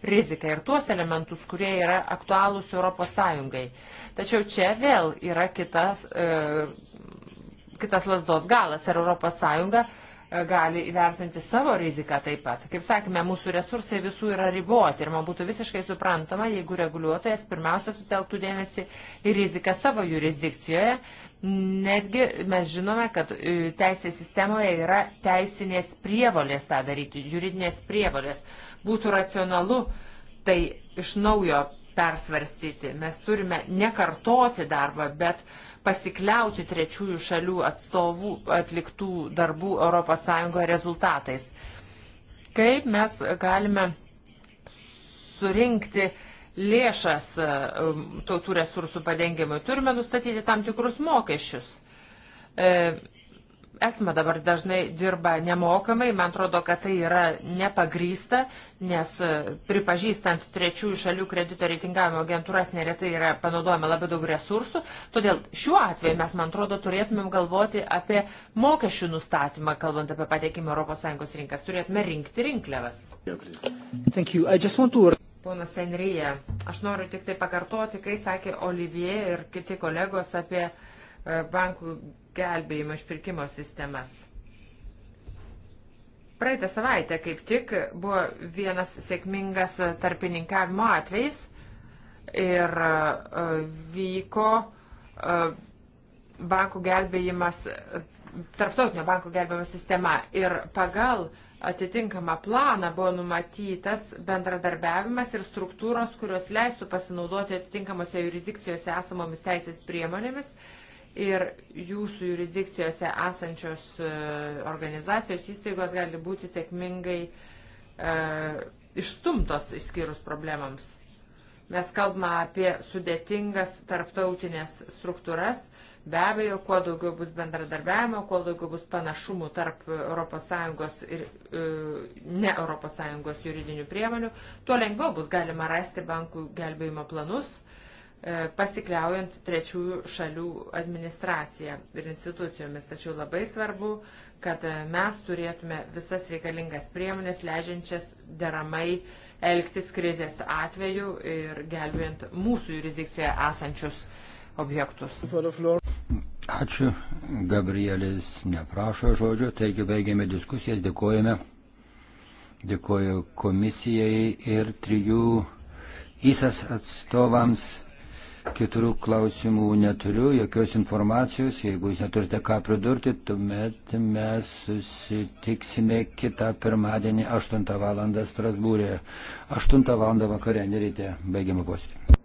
riziką ir tuos elementus, kurie yra aktualūs ES. Tačiau čia vėl yra kitas, e, kitas lasdos galas ir ES E, gali įvertinti savo riziką taip pat. Kaip sakėme, mūsų resursai visų yra riboti ir man būtų visiškai suprantama, jeigu reguliuotojas pirmiausia sutelktų dėmesį į riziką savo jurisdikcijoje. Netgi mes žinome, kad e, teisės sistemoje yra teisinės prievolės tą daryti, juridinės prievolės. Būtų racionalu tai iš naujo persvarstyti. Mes turime nekartoti darbą, bet uh, pasikliauti trečiųjų šalių atstovų atliktų darbų ES rezultatais. Kaip mes galime surinkti lėšas um, tautų resursų padengimui? Turime nustatyti tam tikrus mokesčius. E, esame dabar dažnai dirba nemokamai, man atrodo, kad tai yra nepagrysta, nes e, pripažįstant trečiųjų šalių kredito reitingavimo agentūras neretai yra panaudojama labai daug resursų, todėl šiuo atveju mes, man atrodo, turėtumėm galvoti apie mokesčių nustatymą, kalbant apie patekimą ES rinkas, turėtume rinkti rinkliavas. To... Ponas Enryje, aš noriu tik tai pakartoti, kai sakė Olivier ir kiti kolegos apie e, bankų gelbėjimo išpirkimo sistemas. Praeitą savaitę kaip tik buvo vienas sėkmingas tarpininkavimo atvejs ir e, vyko e, bankų gelbėjimas, tarptautinio bankų gelbėjimo sistema ir pagal atitinkamą planą buvo numatytas bendradarbiavimas ir struktūros, kurios leistų pasinaudoti atitinkamose jurisdikcijose esamomis teisės priemonėmis ir jūsų jurisdikcijose esančios e, organizacijos įstaigos gali būti sėkmingai e, išstumtos išskyrus problemams. Mes kalbame apie sudėtingas tarptautinės struktūras. Be abejo, kuo daugiau bus bendradarbiavimo, kuo daugiau bus panašumų tarp ES ir e, ne ES juridinių priemonių, tuo lengviau bus galima rasti bankų gelbėjimo planus E, pasikliaujant trečiųjų šalių administracija ir institucijomis. Tačiau labai svarbu, kad mes turėtume visas reikalingas priemonės, leidžiančias deramai elgtis krizės atveju ir gelbėjant mūsų jurisdikcijoje esančius objektus. Ačiū. Gabrielis neprašo žodžio, taigi baigėme diskusijas, dėkojame. Dėkoju komisijai ir trijų įsas atstovams. Kitų klausimų neturiu, jokios informacijos. Jeigu jūs neturite ką pridurti, tuomet mes susitiksime kitą pirmadienį 8 val. Strasbūrė. 8 val. vakare, nerytė, baigiamą posėdį.